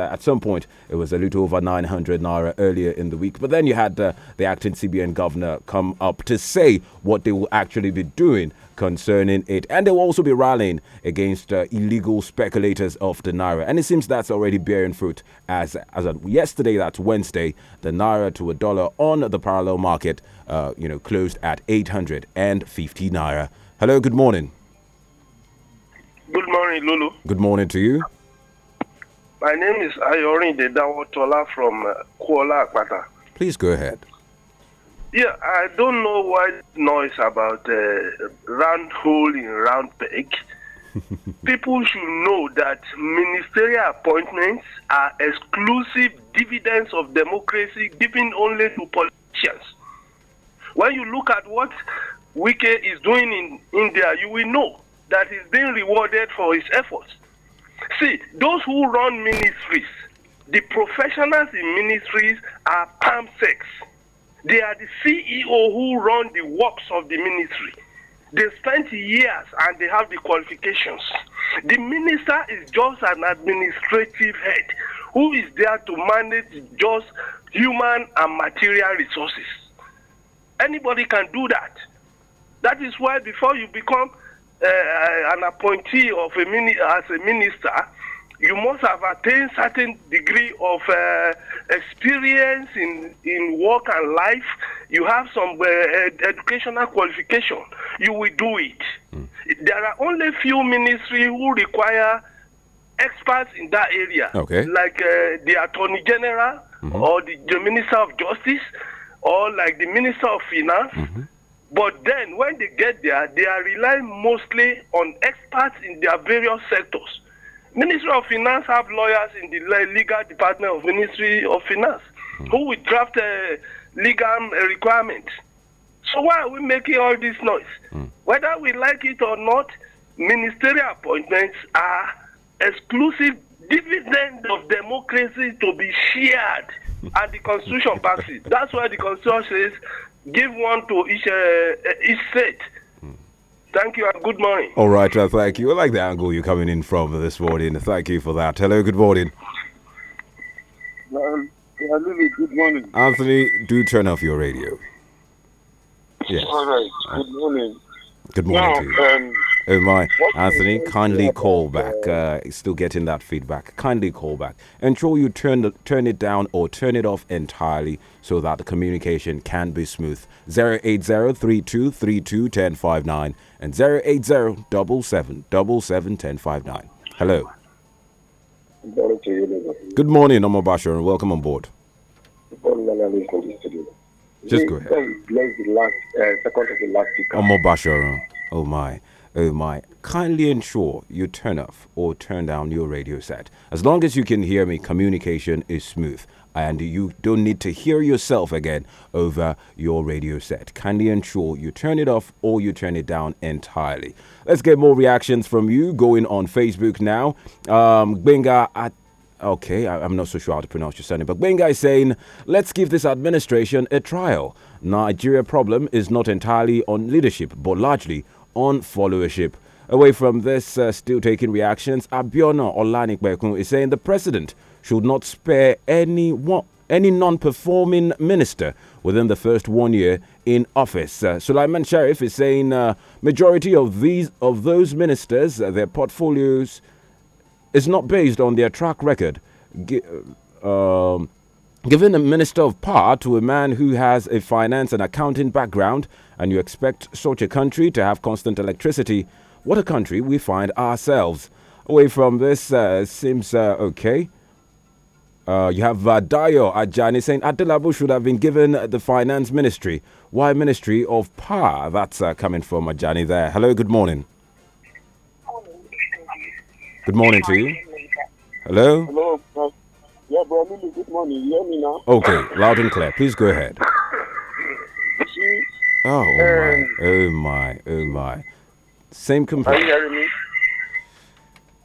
Uh, at some point, it was a little over 900 naira earlier in the week. But then you had uh, the acting CBN governor come up to say what they will actually be doing concerning it. And they will also be rallying against uh, illegal speculators of the Naira. And it seems that's already bearing fruit as, as of yesterday, that's Wednesday, the Naira to a dollar on the parallel market, uh, you know, closed at 850 Naira. Hello, good morning. Good morning, Lulu. Good morning to you. My name is Ayorinde Dawotola from uh, Kuala Akpata. Please go ahead. Yeah, I don't know why noise about uh, round hole in round peg. People should know that ministerial appointments are exclusive dividends of democracy given only to politicians. When you look at what Wike is doing in India, you will know that he's being rewarded for his efforts. See, those who run ministries, the professionals in ministries are palm sex. They are the CEO who run the works of the ministry. They spent years and they have the qualifications. The minister is just an administrative head who is there to manage just human and material resources. Anybody can do that. That is why before you become uh, an appointee of a mini- as a minister, you must have attained certain degree of uh, experience in, in work and life. You have some uh, ed- educational qualification. You will do it. Mm. There are only few ministries who require experts in that area, okay. like uh, the Attorney General mm-hmm. or the, the, Minister of Justice or like the Minister of Finance. Mm-hmm but then, when they get there, they are relying mostly on experts in their various sectors. Ministry of Finance have lawyers in the legal department of Ministry of Finance hmm. who will draft the legal requirements. So why are we making all this noise? Hmm. Whether we like it or not, ministerial appointments are exclusive dividend of democracy to be shared at the constitution passes. That's why the constitution says give one to each, uh, each state. Hmm. Thank you and good morning. All right, uh, thank you. I like the angle you're coming in from this morning. Thank you for that. Hello, good morning. Um, good morning. Anthony, do turn off your radio. Yes. All right, good morning. Good morning. Now, um, Oh my, Anthony, kindly call back. Uh, still getting that feedback. Kindly call back. Ensure you turn the, turn it down or turn it off entirely so that the communication can be smooth. 080-3232-1059 and 080-777-1059. Hello. Good morning, Omar Bashir, and welcome on board. Just go ahead. Bless uh, Omar oh my oh my, kindly ensure you turn off or turn down your radio set. As long as you can hear me, communication is smooth and you don't need to hear yourself again over your radio set. Kindly ensure you turn it off or you turn it down entirely. Let's get more reactions from you going on Facebook now. Um, Benga at Okay, I, am not so sure how to pronounce your surname, but Benga is saying, let's give this administration a trial. Nigeria problem is not entirely on leadership, but largely on followership. Away from this, uh, still taking reactions, Abiona Olanikbekun is saying the president should not spare any any non-performing minister within the first one year in office. Uh, Sulaiman Sharif is saying uh, majority of these of those ministers, uh, their portfolios is not based on their track record. G um, giving a minister of power to a man who has a finance and accounting background and you expect such a country to have constant electricity, what a country we find ourselves. Away from this uh, seems uh, okay. Uh, you have uh, Ajani saying Adelabu should have been given the finance ministry. Why ministry of power? That's uh, coming from Ajani there. Hello, good morning. Good morning to you. Hello? Hello. Uh, yeah, bro, good morning. You hear me now? Okay, loud and clear. Please go ahead. Oh, oh, my! Oh my! Oh my! Same complaint. Are you hearing me?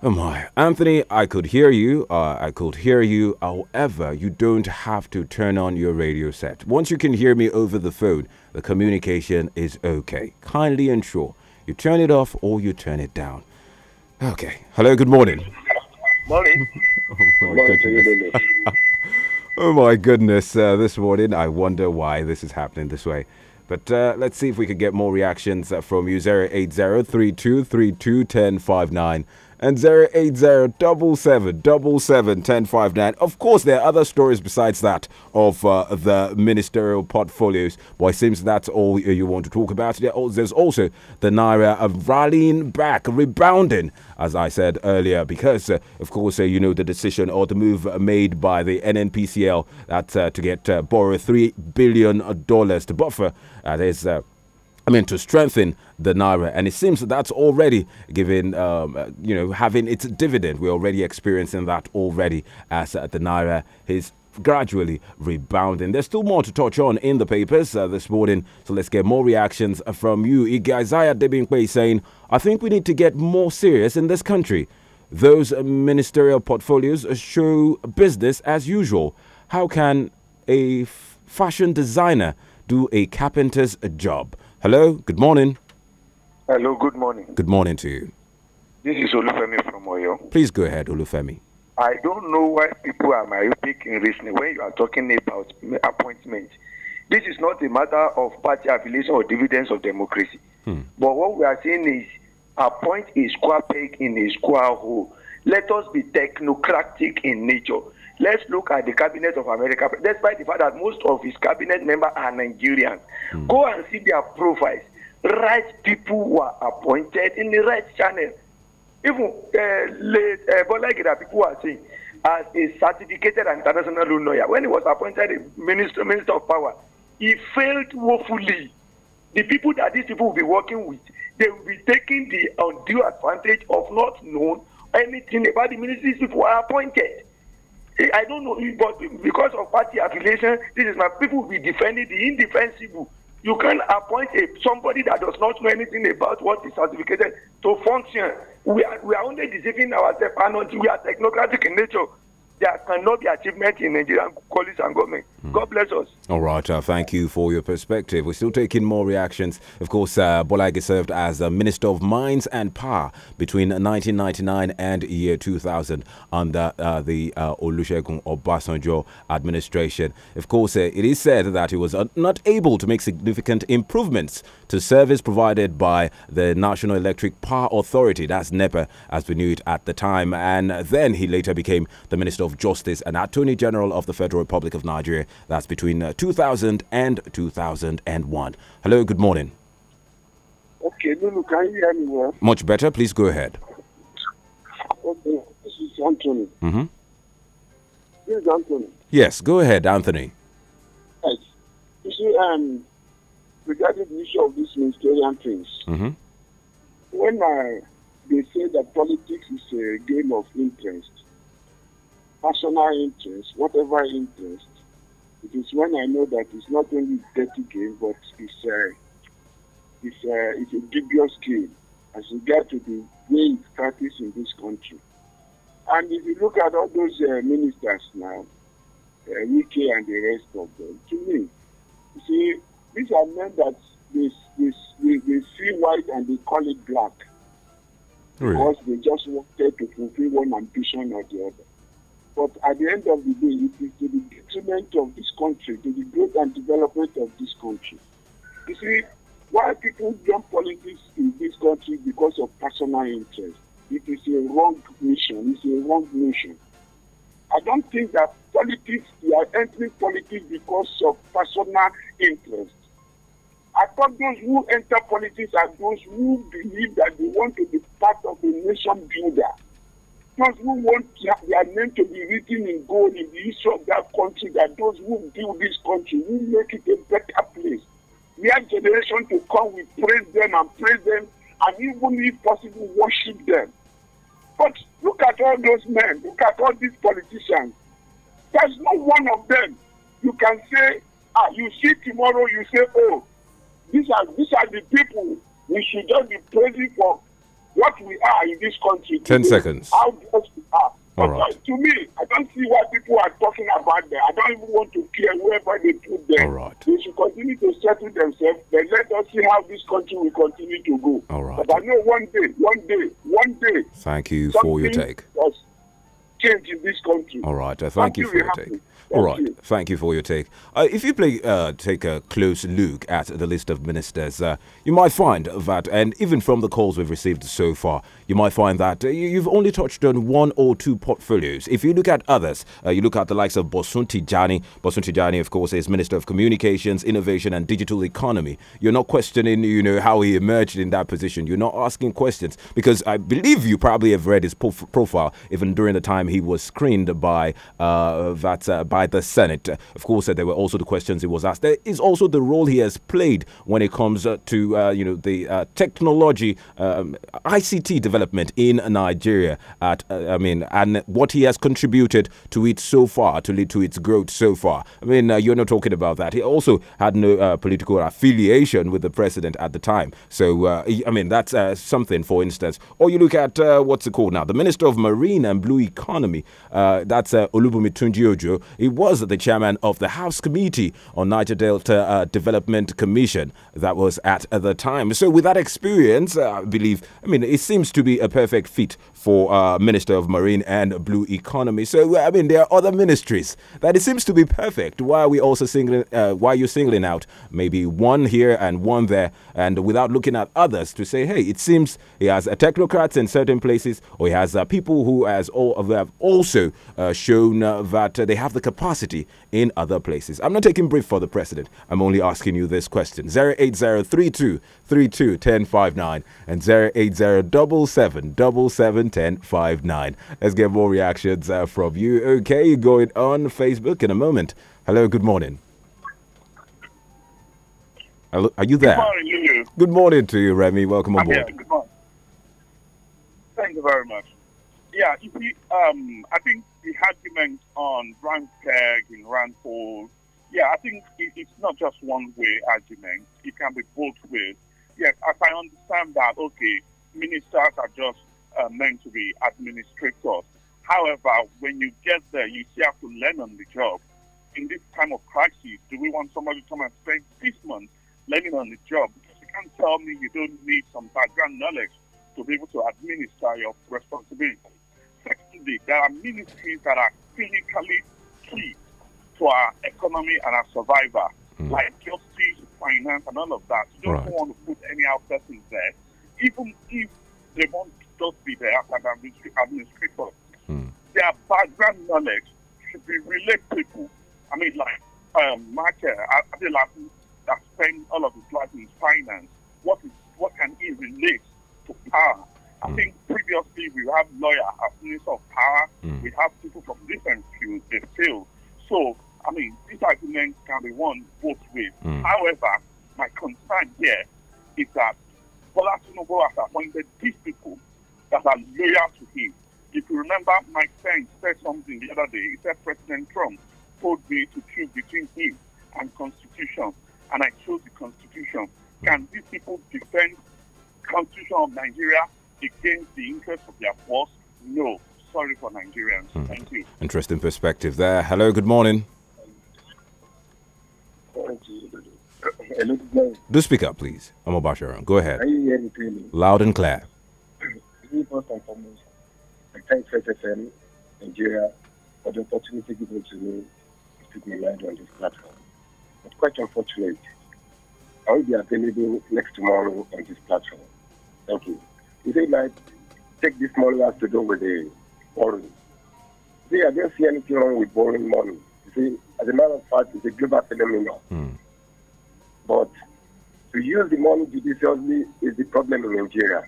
Oh my, Anthony, I could hear you. Uh, I could hear you. However, you don't have to turn on your radio set. Once you can hear me over the phone, the communication is okay. Kindly ensure you turn it off or you turn it down. Okay. Hello. Good morning. Morning. oh my goodness. oh my goodness. Uh, this morning, I wonder why this is happening this way. But uh, let's see if we could get more reactions uh, from you. 080 three two ten five nine and 80 Of course, there are other stories besides that of uh, the ministerial portfolios, but it seems that's all you want to talk about. There's also the Naira of rallying back, rebounding, as I said earlier, because, uh, of course, uh, you know, the decision or the move made by the NNPCL that uh, to get uh, borrow $3 billion to buffer, uh, There's. I mean, to strengthen the naira, and it seems that that's already giving, um, uh, you know, having its dividend. We're already experiencing that already as uh, the naira is gradually rebounding. There's still more to touch on in the papers uh, this morning, so let's get more reactions from you. Isaiah Debinkwe saying, I think we need to get more serious in this country. Those ministerial portfolios show business as usual. How can a fashion designer do a carpenter's job? Hello, good morning. Hello, good morning. Good morning to you. This is Olufemi from Oyo. Please go ahead, Olufemi. I don't know why people are myopic in reasoning when you are talking about appointment. This is not a matter of party affiliation or dividends of democracy. Hmm. But what we are saying is appoint a square peg in a square hole. Let us be technocratic in nature. Let's look at the cabinet of America, despite the fact that most of his cabinet members are Nigerians. Mm. Go and see their profiles. Right people were appointed in the right channel. Even uh, late, uh, but like that, people are saying, as a certificated international lawyer, when he was appointed minister, minister of power, he failed woefully. The people that these people will be working with, they will be taking the undue advantage of not knowing anything about the ministries people are appointed. Eh, I don't know, eh, but because of party affiliation, this is my people will be defending the indefensible. You can appoint a, somebody that does not know anything about what is certificated to function. We are, we are only deceiving ourselves and we are technocratic in nature. There cannot be achievement in Nigerian colleagues and government. Mm. God bless us. All right, uh, thank you for your perspective. We're still taking more reactions. Of course, uh, Bolage served as a Minister of Mines and Power between 1999 and year 2000 under uh, the uh, Olusegun Obasanjo administration. Of course, uh, it is said that he was uh, not able to make significant improvements to service provided by the National Electric Power Authority, that's NEPA as we knew it at the time. And then he later became the Minister of Justice and Attorney General of the Federal Republic of Nigeria, that's between uh, 2000 and 2001. Hello, good morning. Okay, Lulu, can you hear me well? Much better. Please go ahead. Okay, this is Anthony. Mm-hmm. This is Anthony. Yes, go ahead, Anthony. Yes. You see, um, regarding the issue of these ministerial things, mm -hmm. when I, they say that politics is a game of interest, personal interest, whatever interest, it is when I know that it's not only a dirty game, but it's a uh, it's, a uh, it's a dubious game as regards to the way it's practiced in this country. And if you look at all those uh, ministers now, uh, UK and the rest of them, to me, you see, these are men that they, they, they, they see white and they call it black. Really? Because they just wanted to fulfill one ambition or the other. But at the end of the day, it is to the detriment of this country, to the growth and development of this country. You see, why people jump politics in this country because of personal interest? It is a wrong mission. It's a wrong mission. I don't think that politics, they are entering politics because of personal interest. I thought those who enter politics are those who believe that they want to be part of a nation builder those who want their name to be written in gold in the history of that country, that those who build this country will make it a better place. We have generation to come, we praise them and praise them, and even if possible, worship them. But look at all those men, look at all these politicians. There's no one of them you can say, ah, you see tomorrow, you say, oh, these are, these are the people we should just be praising for what we are in this country. Ten seconds. How blessed we are. All right. to me, I don't see why people are talking about that. I don't even want to care wherever they put them. All right. They should continue to settle themselves. Then let us see how this country will continue to go. All right. But I know one day, one day, one day. Thank you for your take. Change in this country. All right. Uh, thank, you for your take. All right. You. Thank you for your take. Uh, if you play, uh, take a close look at the list of ministers, uh, you might find that, and even from the calls we've received so far, you might find that uh, you've only touched on one or two portfolios. If you look at others, uh, you look at the likes of Bosun Tijani. Bosun Tijani, of course, is Minister of Communications, Innovation and Digital Economy. You're not questioning, you know, how he emerged in that position. You're not asking questions because I believe you probably have read his prof profile even during the time he was screened by uh, that uh, by the Senate. Of course, uh, there were also the questions he was asked. There is also the role he has played when it comes uh, to you know the technology um, ICT development development in Nigeria. At uh, I mean, and what he has contributed to it so far, to lead to its growth so far. I mean, uh, you're not talking about that. He also had no uh, political affiliation with the president at the time. So uh, I mean, that's uh, something. For instance, or you look at uh, what's it called now, the Minister of Marine and Blue Economy. that's uh, Olubumi Tunjiojo. He was the chairman of the House Committee on Niger Delta Development Commission. That was at the time. So with that experience, I believe. I mean, it seems to to be a perfect fit for uh, Minister of Marine and Blue Economy. So I mean, there are other ministries that it seems to be perfect. Why are we also singling? Uh, why are you singling out maybe one here and one there, and without looking at others to say, hey, it seems he has technocrats in certain places, or he has uh, people who has all have also uh, shown uh, that they have the capacity in other places. I'm not taking brief for the president. I'm only asking you this question: zero eight zero three two three two ten five nine and zero eight zero double seven double seven five Let's get more reactions uh, from you. Okay, going on Facebook in a moment. Hello, good morning. Hello, are you there? Good morning, you. Good morning to you, Remy. Welcome aboard. Good morning. Thank you very much. Yeah, you see, um, I think the argument on rank tag and Rand Paul, yeah, I think it, it's not just one way argument. It can be both ways. Yes, as I understand that, okay, ministers are just uh, meant to be administrators. However, when you get there, you still have to learn on the job. In this time of crisis, do we want somebody to come and spend six months learning on the job? Because you can't tell me you don't need some background knowledge to be able to administer your responsibility. Secondly, there are ministries that are clinically key to our economy and our survival, mm. like justice, finance, and all of that. You don't right. want to put any out persons there, even if they want those people, there and administrator. Hmm. Their background knowledge should be relatable. I mean, like um, Mark Adelabu that spent all of his life in finance, what is what can he relate to power? I mm. think previously we have lawyer as minister of power, mm. we have people from different fields, they fail. So, I mean, this argument can be won both ways. Mm. However, my concern here is that Bola Tinubu has appointed these people that are loyal to him. If you remember, Mike Pence said something the other day. He said President Trump told me to choose between him and Constitution, and I chose the Constitution. Can these people defend Constitution of Nigeria against the interests of their boss? No. Sorry for Nigerians. Hmm. Thank you. Interesting perspective there. Hello. Good morning. Do speak up, please. I'm Obasharon. Go ahead. Loud and clear. First and foremost, I thank FSFM, Nigeria, for the opportunity given to me to speak my mind on this platform. But quite unfortunate. I will be available next tomorrow on this platform. Thank you. You say, like, take this money has to do with the borrowing. See, I don't see anything wrong with borrowing money. You see, as a matter of fact, it's a global phenomenon. Mm. But to use the money judiciously is the problem in Nigeria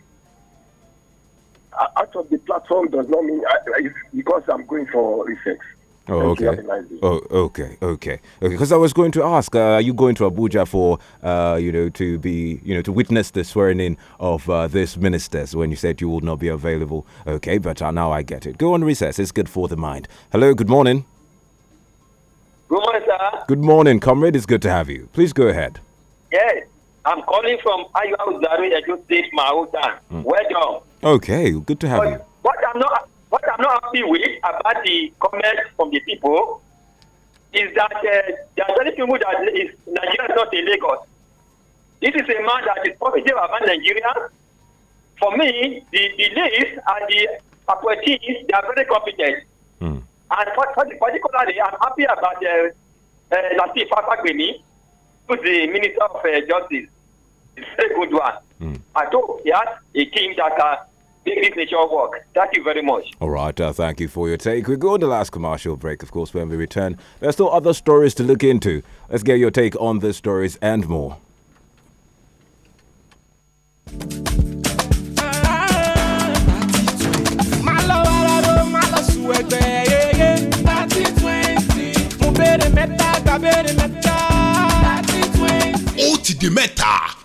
of the platform does not mean I, I, because I'm going for research. Oh, okay. oh, okay, okay, okay. Because I was going to ask, uh, are you going to Abuja for, uh, you know, to be, you know, to witness the swearing in of uh, minister? ministers when you said you would not be available? Okay, but uh, now I get it. Go on recess. It's good for the mind. Hello. Good morning. Good morning, sir. Good morning, comrade. It's good to have you. Please go ahead. Yes, I'm calling from Ayo Zari, Edo State, my hometown. Mm. Well Okay, good to have but, you. What I'm not what I'm not happy with about the comments from the people is that uh, there are many people that is Nigeria is not a Lagos. This is a man that is positive about Nigeria. For me, the beliefs and the appointees they are very competent. Mm. And for, for, particularly, I'm happy about uh, uh, Latif Fafagbeni, who's the Minister of uh, Justice. It's a very good one. Mm. I thought he has a team that are Take nature work. Thank you very much. All right, uh, thank you for your take. We go on the last commercial break, of course, when we return. There's still other stories to look into. Let's get your take on these stories and more. ó ti di mẹ́ta.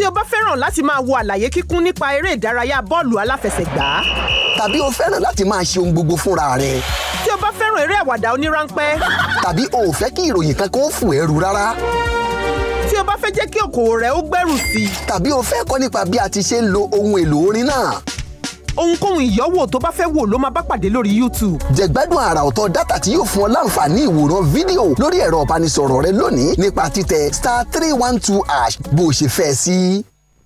tí o bá fẹ́ràn láti máa wo àlàyé kíkún nípa eré ìdárayá bọ́ọ̀lù aláfẹsẹ̀gbá. tàbí o fẹ́ràn láti máa ṣe ohun gbogbo fúnra rẹ. tí o bá fẹ́ràn eré àwàdà oníránpẹ́. tàbí o ò fẹ́ kí ìròyìn kan kó fò ẹrù rárá tí o bá fẹ́ jẹ́ kí okòwò rẹ ó gbèrú sí tàbí o fẹ́ kọ́ nípa bí a ti ṣe ń lo ohun èlò orin náà ohunkóhun ìyọ́wò tó bá fẹ́ wò ló máa bá pàdé lórí YouTube. jẹ̀gbádùn àrà ọ̀tọ̀ dátà tí yóò fún ọ láǹfààní ìwòran fídíò lórí ẹ̀rọ ìbánisọ̀rọ̀ rẹ lónìí nípa títẹ star three one two hash bó o ṣe fẹ́ sí.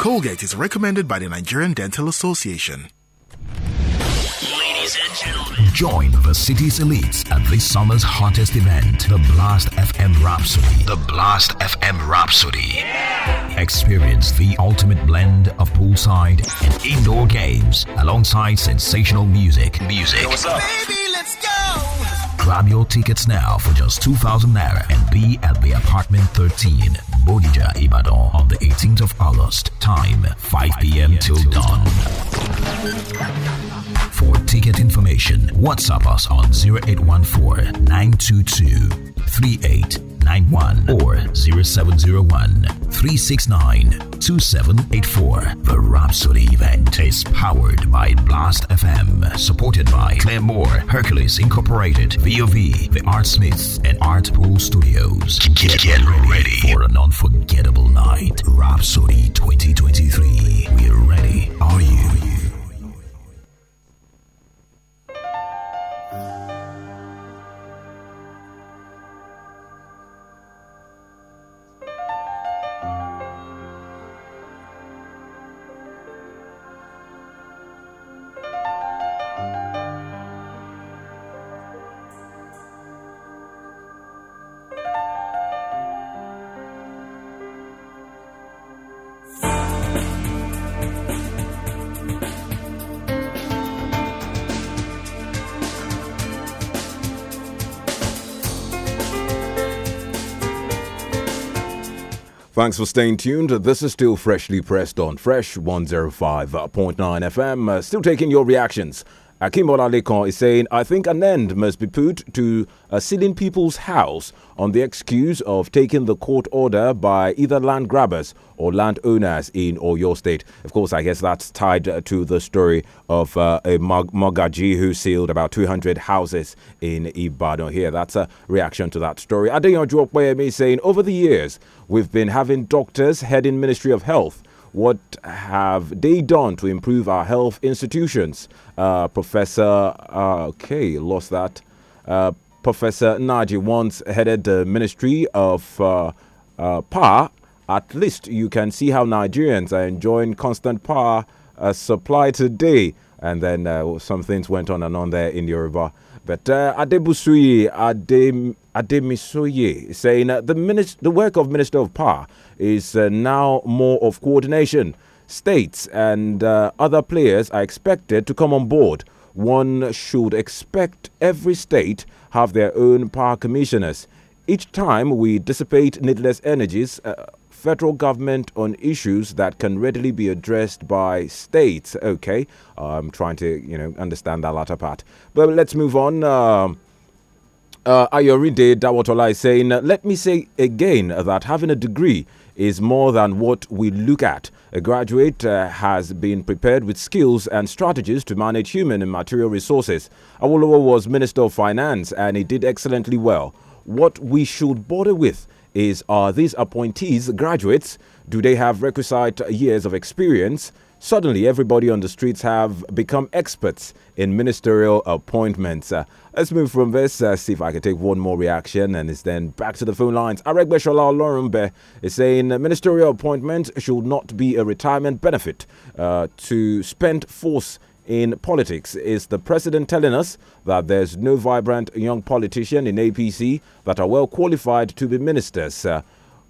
Colgate is recommended by the Nigerian Dental Association. Join the city's elites at this summer's hottest event, the Blast FM Rhapsody. The Blast FM Rhapsody. Yeah! Experience the ultimate blend of poolside and indoor games alongside sensational music. Music. Hey, what's up? Baby, let's go! Grab your tickets now for just 2,000 naira and be at the apartment 13, Bodija, Ibadan on the 18th of August. Time 5 p.m. till dawn. For ticket information, WhatsApp us on 0814 922 38 0791 or 0701 369 2784. The Rhapsody event is powered by Blast FM, supported by Claremore, Hercules Incorporated, VOV, The Art Smith, and Art Pool Studios. Get, get ready, for an unforgettable night. Rhapsody 2023. We're ready. Are you? Are you? Thanks for staying tuned. This is still freshly pressed on Fresh 105.9 FM. Uh, still taking your reactions Akim Olalekan is saying, I think an end must be put to uh, sealing people's house on the excuse of taking the court order by either land grabbers or landowners in Oyo State. Of course, I guess that's tied uh, to the story of uh, a Mag- Magaji who sealed about 200 houses in Ibadan here. That's a reaction to that story. Adeyanju is saying, over the years, we've been having doctors heading Ministry of Health what have they done to improve our health institutions? Uh, Professor, uh, okay, lost that. Uh, Professor Naji once headed the Ministry of uh, uh Power. At least you can see how Nigerians are enjoying constant power uh, supply today. And then uh, some things went on and on there in Yoruba. But uh, Adebusuyi, Adem. Ademisoye, saying the, minister, the work of Minister of Power is uh, now more of coordination. States and uh, other players are expected to come on board. One should expect every state have their own power commissioners. Each time we dissipate needless energies, uh, federal government on issues that can readily be addressed by states. Okay, I'm trying to you know understand that latter part, but let's move on. Um, uh, Ayorinde Dawotola is saying, let me say again that having a degree is more than what we look at. A graduate uh, has been prepared with skills and strategies to manage human and material resources. Awolowo was Minister of Finance and he did excellently well. What we should bother with is are these appointees graduates? Do they have requisite years of experience? Suddenly, everybody on the streets have become experts in ministerial appointments. Uh, Let's move from this. Uh, see if I can take one more reaction, and it's then back to the phone lines. Areg Beshola Lorumbe is saying ministerial appointment should not be a retirement benefit uh, to spend force in politics. Is the president telling us that there's no vibrant young politician in APC that are well qualified to be ministers? Uh,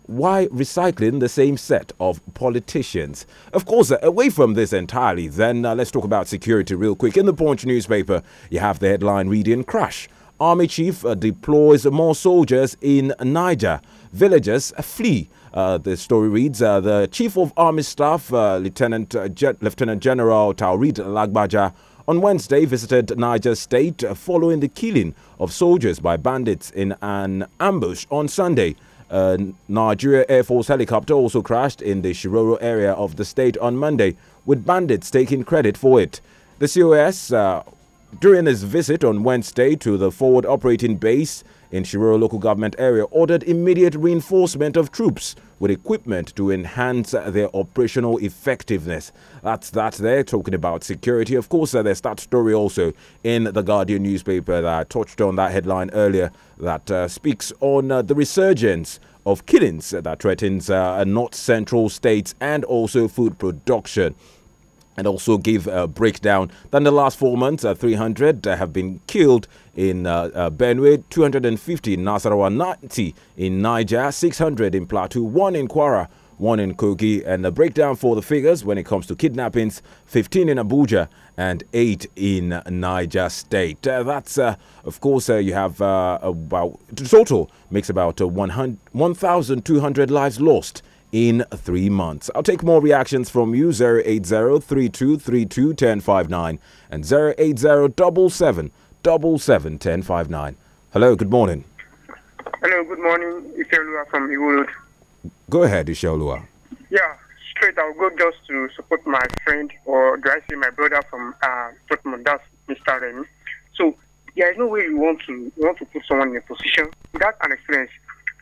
why recycling the same set of politicians? Of course, away from this entirely, then uh, let's talk about security real quick. In the Punch newspaper, you have the headline reading Crash. Army chief uh, deploys more soldiers in Niger. Villagers flee. Uh, the story reads uh, The Chief of Army Staff, uh, Lieutenant, uh, Gen Lieutenant General Taurid Lagbaja, on Wednesday visited Niger State following the killing of soldiers by bandits in an ambush on Sunday. A uh, Nigeria Air Force helicopter also crashed in the Shiroro area of the state on Monday, with bandits taking credit for it. The COS, uh, during his visit on Wednesday to the forward operating base in Shiroro local government area, ordered immediate reinforcement of troops with equipment to enhance their operational effectiveness. That's that there, talking about security. Of course, uh, there's that story also in the Guardian newspaper that I touched on that headline earlier that uh, speaks on uh, the resurgence of killings that threatens uh, north central states and also food production and also give a breakdown. Then the last four months, uh, 300 uh, have been killed in uh, uh, Benue, 250 in Nasarawa, 90 in Niger, 600 in Plateau, 1 in Kwara, 1 in Kogi. And the breakdown for the figures when it comes to kidnappings 15 in Abuja and 8 in Niger State. Uh, that's, uh, of course, uh, you have uh, about, total makes about 1,200 lives lost in three months. I'll take more reactions from you 080 and 080 double seven ten five nine. Hello, good morning. Hello, good morning. Ifeolua from Iwolod. Go ahead, Ifeolua. Yeah, straight. I'll go just to support my friend, or do I say my brother from uh, Dortmund? That's Mr. Remy. So there is no way you want to you want to put someone in a position That's an experience.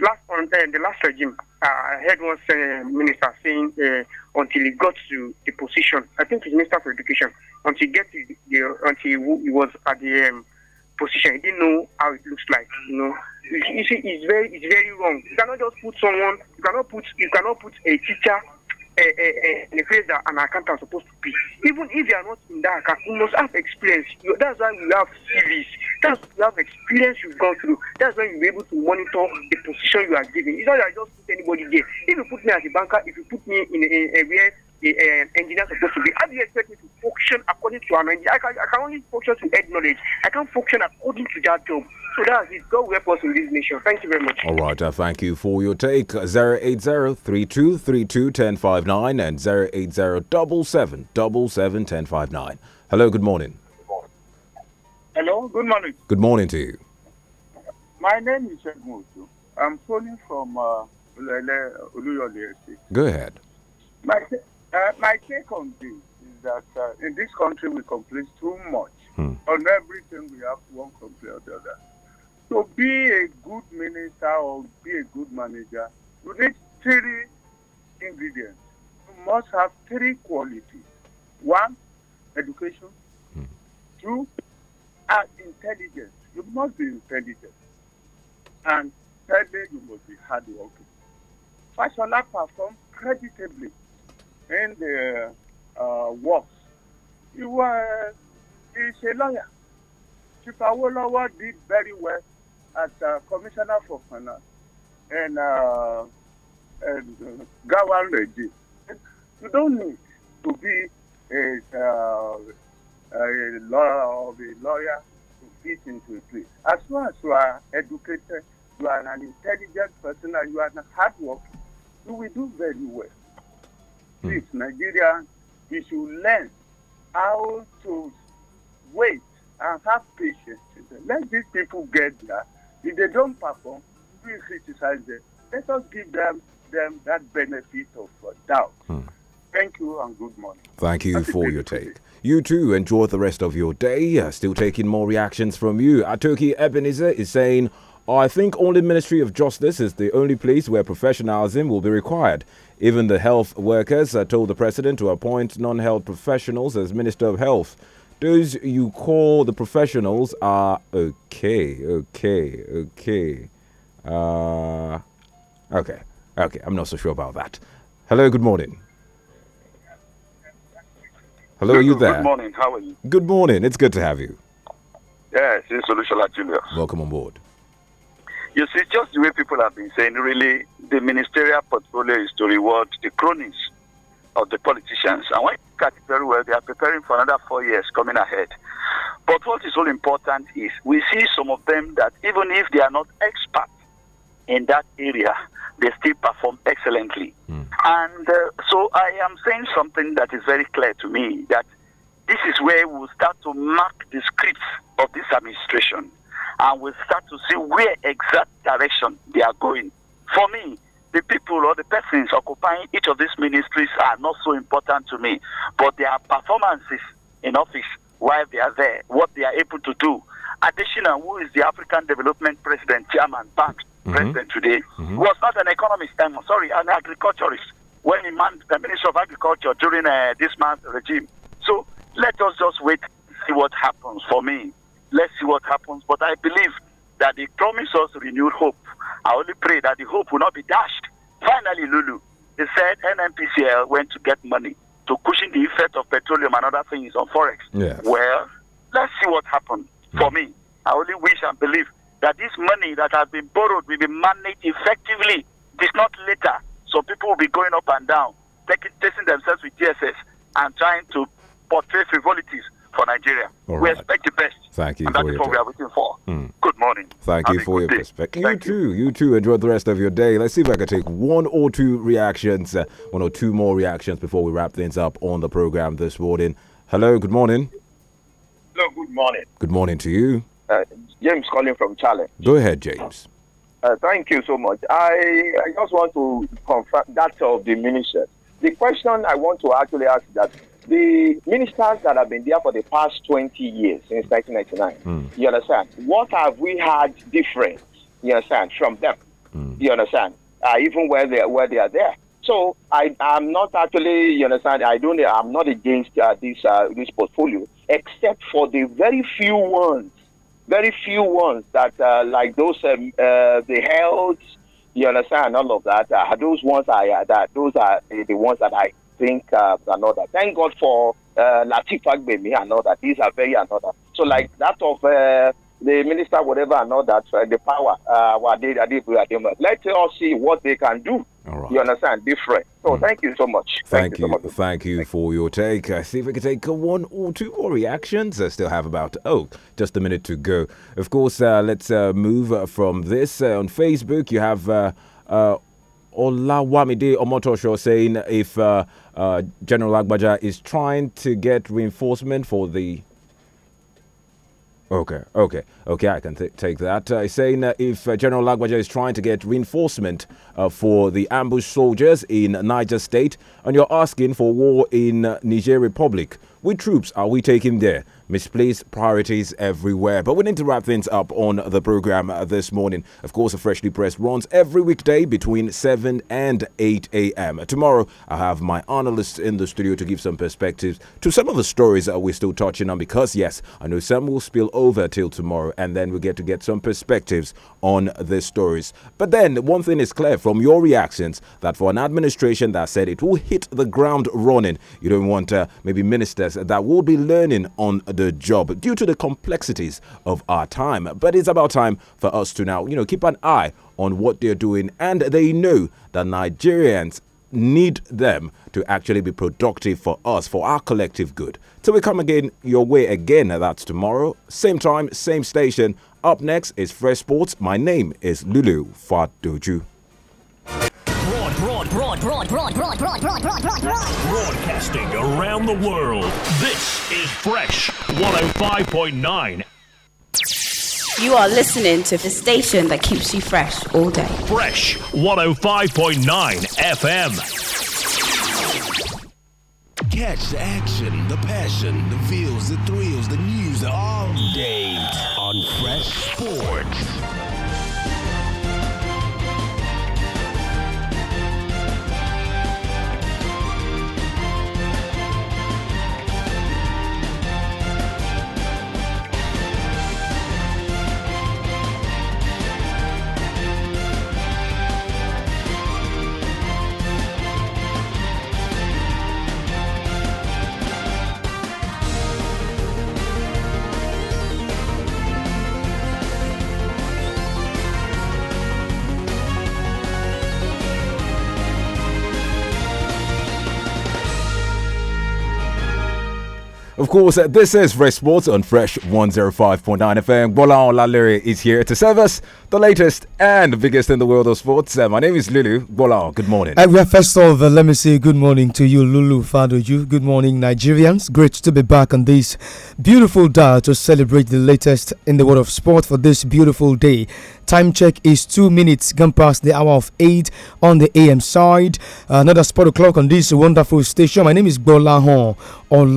Last on uh, the last regime, uh, I heard one uh, minister saying uh, until he got to the position, I think he's minister for education, until he get the, the until he, he was at the um, position. He didn't know how it looks like. You know, it's, it's very it's very wrong. You cannot just put someone. You cannot put you cannot put a teacher In a a place that an accountant is supposed to be. Even if you are not in that account, you must have experience. You, that's why you have CVs. That's you have experience you've gone through. That's why you're able to monitor the position you are given. It's not that I just put anybody there. If you put me as a banker, if you put me in a, a, a where uh, engineers are supposed to be. How do you expect me to function according to an engineer? I can, I can only function to head knowledge. I can't function according to that job. So that's it. God help us in this nation. Thank you very much. All right. Uh, thank you for your take. 080-3232-1059 and 080-777-1059. Hello, good morning. Hello, good morning. Good morning to you. My name is Edmutu. I'm calling from uh, Oluyole Go ahead. My, uh, my take on this is that uh, in this country we complain too much. Hmm. On everything we have one complaint or the other. So be a good minister or be a good manager, you need three ingredients. You must have three qualities. One, education. Hmm. Two, uh, intelligence. You must be intelligent. And thirdly, you must be hardworking. Fashola performed creditably in the uh, uh, works. He was he's a lawyer. Chief Awolowo did very well as uh, Commissioner for Finance and, uh, and uh, Gawan Reji. You don't need to be a, uh, a lawyer or a lawyer to fit into a place. As long as you are educated, you are an intelligent person, and you are hardworking, you will do very well. Please, mm. Nigeria, you should learn how to wait and have patience. Let these people get there. If they don't perform, we criticize them. Let us give them them that benefit of doubt. Hmm. Thank you and good morning. Thank you That's for your take. You too enjoy the rest of your day. Uh, still taking more reactions from you. Atoki Ebenezer is saying, I think only Ministry of Justice is the only place where professionalism will be required. Even the health workers told the president to appoint non health professionals as Minister of Health. Those you call the professionals are okay, okay, okay. Uh, okay, okay, I'm not so sure about that. Hello, good morning. Hello, are you there? Good morning, how are you? Good morning, it's good to have you. Yes, it's Solution Junior. Welcome on board. You see, just the way people have been saying, really, the ministerial portfolio is to reward the cronies of the politicians. And when you look very well, they are preparing for another four years coming ahead. But what is all important is we see some of them that even if they are not experts in that area, they still perform excellently. Mm. And uh, so I am saying something that is very clear to me that this is where we will start to mark the script of this administration and we start to see where exact direction they are going. For me, the people or the persons occupying each of these ministries are not so important to me, but their performances in office while they are there, what they are able to do. Additionally, who is the African Development President, Chairman, Bank mm-hmm. President today, mm-hmm. was not an economist, I'm um, sorry, an agriculturist when he manned the Minister of Agriculture during uh, this man's regime. So let us just wait see what happens for me. Let's see what happens. But I believe that they promise us renewed hope. I only pray that the hope will not be dashed. Finally, Lulu, they said NNPCL went to get money to cushion the effect of petroleum and other things on forex. Yes. Well, let's see what happens. For me, I only wish and believe that this money that has been borrowed will be managed effectively. It's not later. So people will be going up and down, taking, testing themselves with TSS and trying to portray frivolities for Nigeria. All we right. expect the best. Thank you. And that's what we are waiting for. Mm. Good morning. Thank you for your perspective. You, you too. You too. Enjoy the rest of your day. Let's see if I can take one or two reactions, uh, one or two more reactions before we wrap things up on the program this morning. Hello. Good morning. Hello. Good morning. Good morning to you. Uh, James calling from Challenge. Go ahead, James. Uh, thank you so much. I, I just want to confirm that of the minister. The question I want to actually ask that the ministers that have been there for the past 20 years, since 1999, mm. you understand? What have we had different, you understand, from them? Mm. You understand? Uh, even where they, where they are there. So I, am not actually, you understand, I don't, I'm not against uh, this, uh, this portfolio, except for the very few ones, very few ones that, uh, like those, um, uh, the health, you understand, all of that, uh, those ones I, that, those are the ones that I think uh, another. Thank God for uh, Latifa Gbemi and that. These are very another. So like that of uh, the minister, whatever, another. that, uh, the power, uh, let us see what they can do. You understand? Different. So mm. thank you so much. Thank, thank you. you so much. Thank you thank for your take. I uh, see if we can take uh, one or two more reactions. I still have about, oh, just a minute to go. Of course, uh, let's uh, move uh, from this. on Facebook, you have uh, uh, Olawamide Omotosho saying if uh, General Agbaja is trying to get reinforcement for the. Okay, okay, okay, I can take that. Uh, saying uh, if uh, General Lagwaja is trying to get reinforcement uh, for the ambush soldiers in Niger State and you're asking for war in uh, Niger Republic, which troops are we taking there? misplaced priorities everywhere. But we need to wrap things up on the program uh, this morning. Of course, a freshly pressed runs every weekday between 7 and 8 a.m. Tomorrow, I have my analysts in the studio to give some perspectives to some of the stories that we're still touching on because, yes, I know some will spill over till tomorrow and then we get to get some perspectives on the stories. But then, one thing is clear from your reactions that for an administration that said it will hit the ground running, you don't want uh, maybe ministers that will be learning on the job due to the complexities of our time. But it's about time for us to now, you know, keep an eye on what they're doing, and they know that Nigerians need them to actually be productive for us, for our collective good. So we come again your way again, that's tomorrow. Same time, same station. Up next is Fresh Sports. My name is Lulu Fadoju. Broadcasting around the world. This is Fresh 105.9. You are listening to the station that keeps you fresh all day. Fresh 105.9 FM. Catch the action, the passion, the feels, the thrills, the news all day on Fresh Sports. Of course, this is Fresh Sports on Fresh 105.9 FM. Bola Olalere is here to serve us the latest and biggest in the world of sports. Uh, my name is Lulu Bola. Good morning. Uh, well, first of all, uh, let me say good morning to you, Lulu Fadoju. Good morning, Nigerians. Great to be back on this beautiful day to celebrate the latest in the world of sport for this beautiful day. Time check is two minutes gone past the hour of eight on the AM side. another spot o'clock on this wonderful station. My name is Bola Hon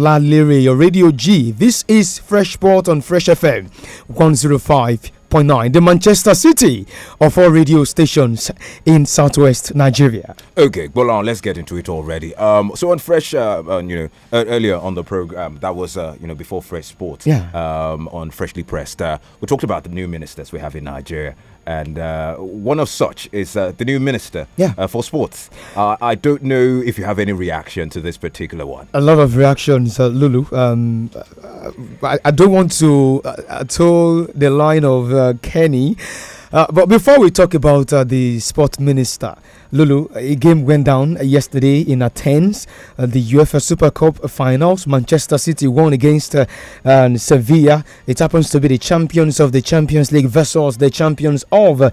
La your Radio G. This is Fresh Sport on Fresh FM 105 the Manchester City of all radio stations in southwest Nigeria. Okay, well, on, let's get into it already. Um, so on Fresh, uh, on, uh, you know, uh, earlier on the program, that was, uh, you know, before Fresh Sports, yeah. um, on Freshly Pressed, uh, we talked about the new ministers we have in Nigeria and uh, one of such is uh, the new minister yeah. uh, for sports. Uh, I don't know if you have any reaction to this particular one. A lot of reactions, uh, Lulu. Um, I, I, don't want to uh, toll the line of uh, Kenny. but before we talk about the sport minister, Lulu, a game went down yesterday in Athens. Uh, the UEFA Super Cup finals. Manchester City won against uh, Sevilla. It happens to be the champions of the Champions League versus the champions of the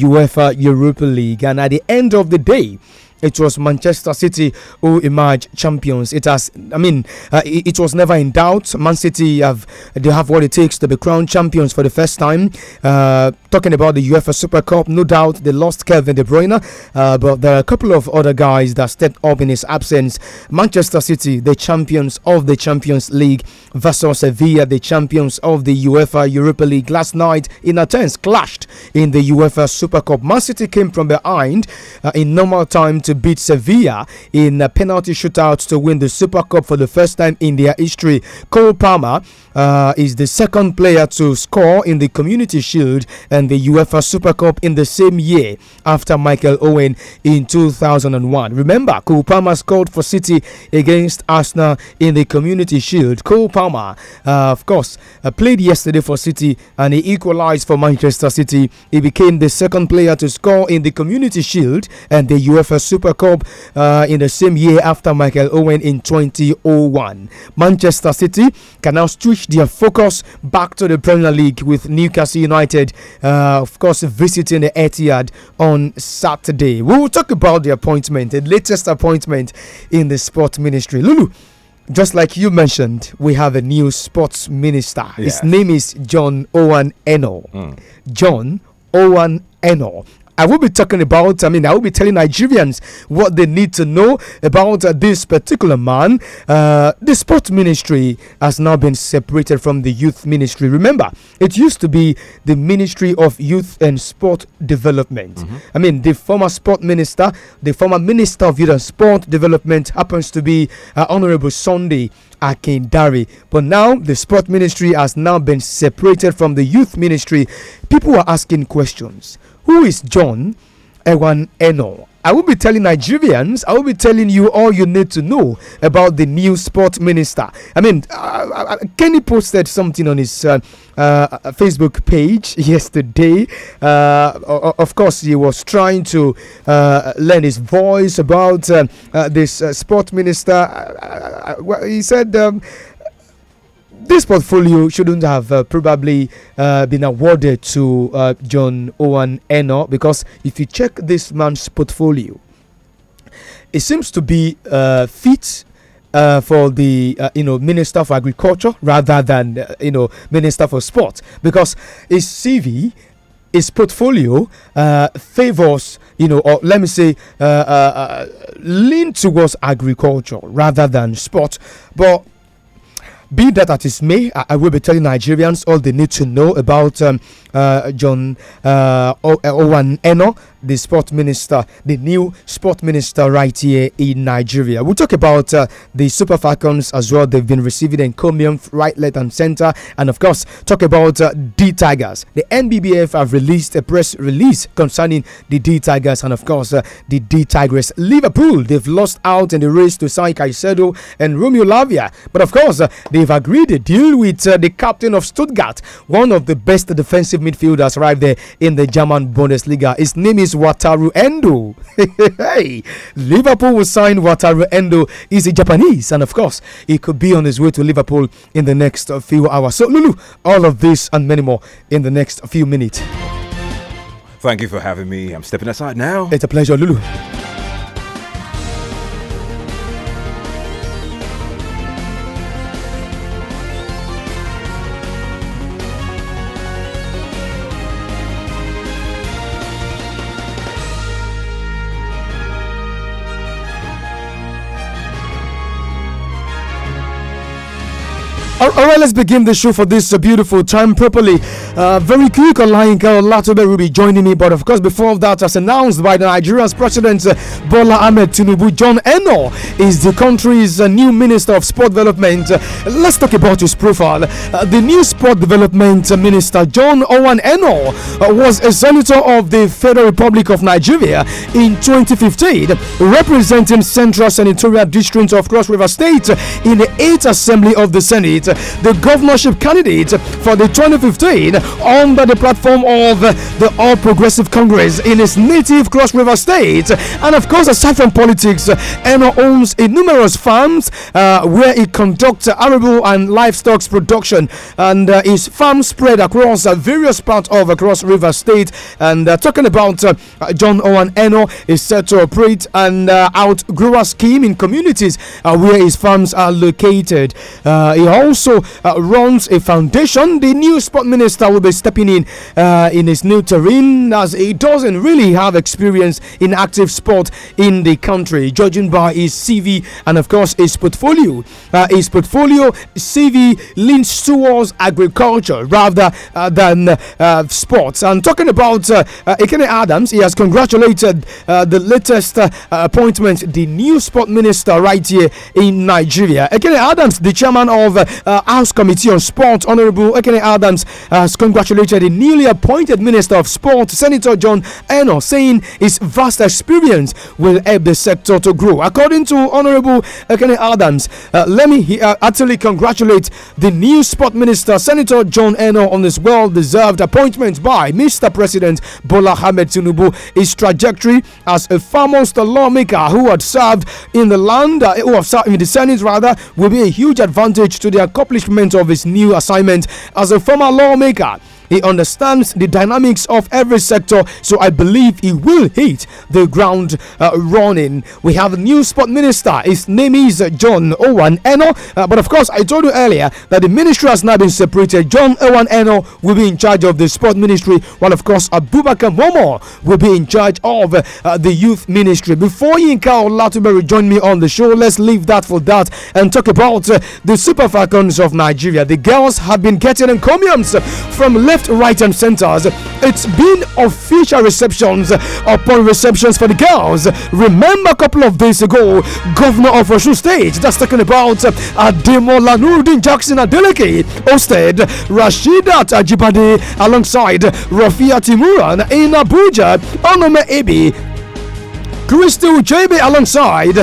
UEFA Europa League. And at the end of the day, it was Manchester City who emerged champions. It has, I mean, uh, it, it, was never in doubt. Man City have they have what it takes to be crowned champions for the first time. Uh, talking about the UEFA Super Cup, no doubt they lost Kevin De Bruyne, uh, but there are a couple of other guys that stepped up in his absence. Manchester City, the champions of the Champions League, versus Sevilla, the champions of the UEFA Europa League. Last night, in a tense, clashed in the UEFA Super Cup. Man City came from behind uh, in normal time to beat Sevilla in a penalty shootout to win the Super Cup for the first time in their history. Cole Palmer uh, is the second player to score in the Community Shield and the UEFA Super Cup in the same year after Michael Owen in 2001. Remember, Cole Palmer scored for City against Arsenal in the Community Shield. Cole Palmer, uh, of course, uh, played yesterday for City and he equalized for Manchester City. He became the second player to score in the Community Shield and the UEFA Super Cup uh, in the same year after Michael Owen in 2001. Manchester City can now switch their focus back to the Premier League with Newcastle United, uh, of course, visiting the Etihad on Saturday. We will talk about the appointment, the latest appointment in the sport ministry. Lulu, just like you mentioned, we have a new sports minister. His name is John Owen Eno. Mm. John Owen Eno. I will be talking about, I mean, I will be telling Nigerians what they need to know about uh, this particular man. Uh, the sports ministry has now been separated from the youth ministry. Remember, it used to be the Ministry of Youth and Sport Development. Mm -hmm. I mean, the former sport minister, the former minister of youth and sport development happens to be uh, Honorable Sunday Akindari. But now the sport ministry has now been separated from the youth ministry. People are asking questions who is John Ewan Eno? I will be telling Nigerians, I will be telling you all you need to know about the new sport minister. I mean, uh, uh, uh Kenny posted something on his uh, uh, Facebook page yesterday. Uh, of course, he was trying to lend his voice about this sport minister. he said, um, this portfolio shouldn't have uh, probably uh, been awarded to uh, John Owen Eno because if you check this man's portfolio, it seems to be uh, fit. Uh, for the uh, you know minister for agriculture rather than you know minister for sport because his CV his portfolio uh, favors, you know, or let me say, uh, uh, lean towards agriculture rather than sport. But be that that is may, I, I, will be telling Nigerians all they need to know about um, uh, John uh, uh Owen Eno, the sport minister, the new sport minister right here in Nigeria. We'll talk about uh, the Super Falcons as well. They've been receiving encomium right, left, and center. And of course, talk about uh, D Tigers. The NBBF have released a press release concerning the D Tigers and, of course, uh, the D Tigers. Liverpool, they've lost out in the race to Sai Caicedo and Romeo Lavia. But of course, uh, they've agreed a deal with uh, the captain of Stuttgart, one of the best defensive midfielders right there in the German Bundesliga. His name is Wataru Endo. hey, Liverpool will sign Wataru Endo. He's a Japanese, and of course, he could be on his way to Liverpool in the next few hours. So, Lulu, all of this and many more in the next few minutes. Thank you for having me. I'm stepping aside now. It's a pleasure, Lulu. Alright, let's begin the show for this uh, beautiful time properly. Uh, very quick, online uh, girl uh, Latube will be joining me, but of course, before that, as announced by the Nigerian's President uh, Bola Ahmed Tinubu, John Eno is the country's uh, new Minister of Sport Development. Uh, let's talk about his profile. the new Sport Development Minister, John Owen Eno, was a senator of the Federal Republic of Nigeria in 2015, representing Central Senatorial District of Cross River State in the 8th Assembly of the Senate the governorship candidate for the 2015 under the platform of the All Progressive Congress in his native Cross River State. And of course, aside from politics, Eno owns a numerous farms uh, where he conducts arable and livestock production. And uh, his farm spread across various parts of Cross River State. And uh, talking about uh, John Owen Eno is set to operate an uh, outgrower scheme in communities uh, where his farms are located. Uh, he also also uh, runs a foundation. The new sport minister will be stepping in uh, in his new terrain as he doesn't really have experience in active sport in the country, judging by his CV and, of course, his portfolio. Uh, his portfolio CV leans towards agriculture rather than sports. And talking about uh, Ikene Adams, he has congratulated the latest appointment, the new sport minister right here in Nigeria. Ekene Adams, the chairman of uh, House Committee on Sport, Honorable Ekene Adams has congratulated the newly appointed Minister of Sport, Senator John Eno, saying his vast experience will help the sector to grow. According to Honorable Ekene Adams, uh, let me uh, actually congratulate the new Sport Minister, Senator John Eno, on his well deserved appointment by Mr. President Bola Ahmed Tinubu. His trajectory as a foremost lawmaker who had served in the land, uh, who have served in the Senate rather, will be a huge advantage to the accomplishment of his new assignment as a former lawmaker. He understands the dynamics of every sector, so I believe he will hit the ground uh, running. We have a new sport minister. His name is John Owen Eno. Uh, but of course, I told you earlier that the ministry has now been separated. John Owen Eno will be in charge of the sport ministry, while of course Abubakar Momo will be in charge of uh, the youth ministry. Before Yinka Olatuberu join me on the show, let's leave that for that and talk about uh, the Super Falcons of Nigeria. The girls have been getting encomiums from left, right, and centers. It's been official receptions upon receptions for the girls. Remember a couple of days ago, Governor of Osun State, that's talking about uh, Ademola Nuruddin Jackson Adeleke, hosted Rashidat Ajibade alongside Rafia Timuran in Abuja, Onome Ebi, Crystal JB alongside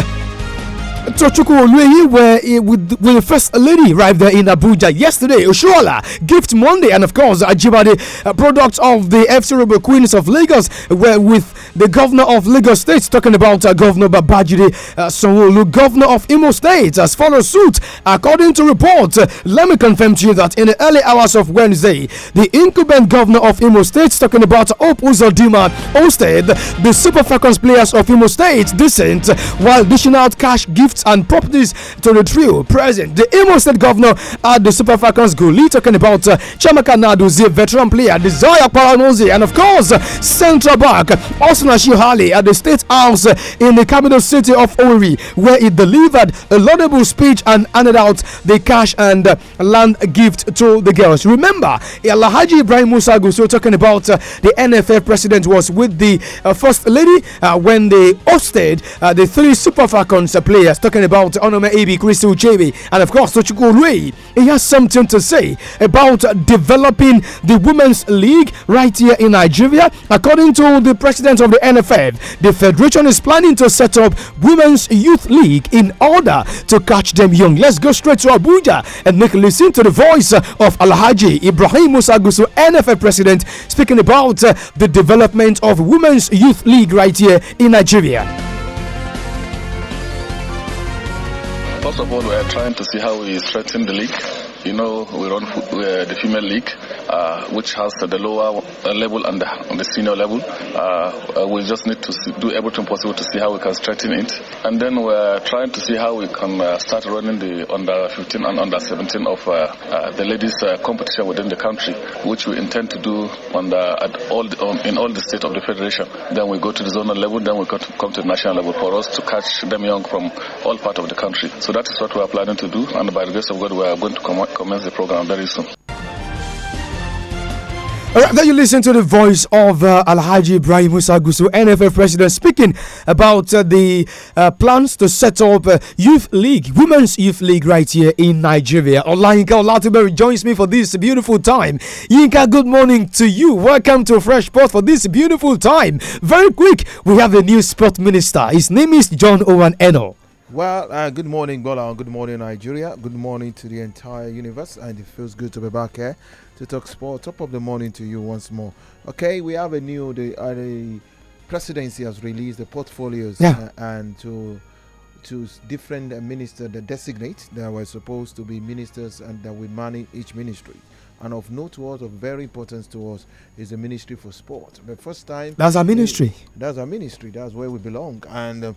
Tochukwu Olueyi were uh, with, with the first lady arrived there in Abuja yesterday. Oshola Gift Monday, and of course Ajibade, uh, product of the FC Rebel Queens of Lagos, were with the governor of Lagos State, talking about uh, Governor Babajide uh, Sonwolu, governor of Imo State, has followed suit. According to reports, uh, let me confirm to you that in the early hours of Wednesday, the incumbent governor of Imo State, talking about Opuzo Uzodima, hosted the Super Falcons players of Imo State, decent, while dishing out cash gifts and properties to the trio present. The Imo State Governor at the Super Falcons Guli talking about uh, Chamaka Naduzi, veteran player, Zoya Paramuzi, and of course, centre central back Osuna Shihali at the State House in the capital city of Ori, where he delivered a laudable speech and handed out the cash and uh, land gift to the girls. Remember, Alhaji Ibrahim Musa Gusu talking about uh, the NFF president was with the uh, first lady uh, when they hosted the three Super Falcons players. Talking talking about Onome Ebi, Crystal Jb and of course Tochukwu Rui. He has something to say about developing the Women's League right here in Nigeria. According to the president of the NFF, the federation is planning to set up Women's Youth League in order to catch them young. Let's go straight to Abuja and make listen to the voice of Alhaji Ibrahim Musagusu, NFF president, speaking about uh, the development of Women's Youth League right here in Nigeria. First of all, we are trying to see how we strengthen the league you know, we run uh, the female league, uh, which has the lower uh, level and the, the senior level. Uh, uh, we just need to do everything possible to see how we can strengthen it. And then we're trying to see how we can start running the under 15 and under 17 of the ladies competition within the country, which we intend to do on the, at all the, on, um, in all the state of the federation. Then we go to the zonal level, then we to come to the national level for us to catch them young from all part of the country. So that is what we are planning to do, and by the grace of God, we are going to come commence the program very soon. All right, then you listen to the voice of uh, Alhaji Ibrahim Musa Gusu, NFF president, speaking about uh, the uh, plans to set up uh, youth league, women's youth league, right here in Nigeria. Olayinka Olatibe joins me for this beautiful time. Yinka, good morning to you. Welcome to Fresh Sport for this beautiful time. Very quick, we have a new sport minister. His name is John Owen Eno. Well, uh, good morning, Bola, good morning, Nigeria. Good morning to the entire universe, and it feels good to be back here to talk sport. Top of the morning to you once more. Okay, we have a new the, uh, the presidency has released the portfolios yeah. uh, and to to different ministers that designate that were supposed to be ministers and that will manage each ministry. And of note to us, of very importance to us, is the Ministry for Sport. The first time. That's our ministry. We, that's our ministry. That's where we belong. And uh,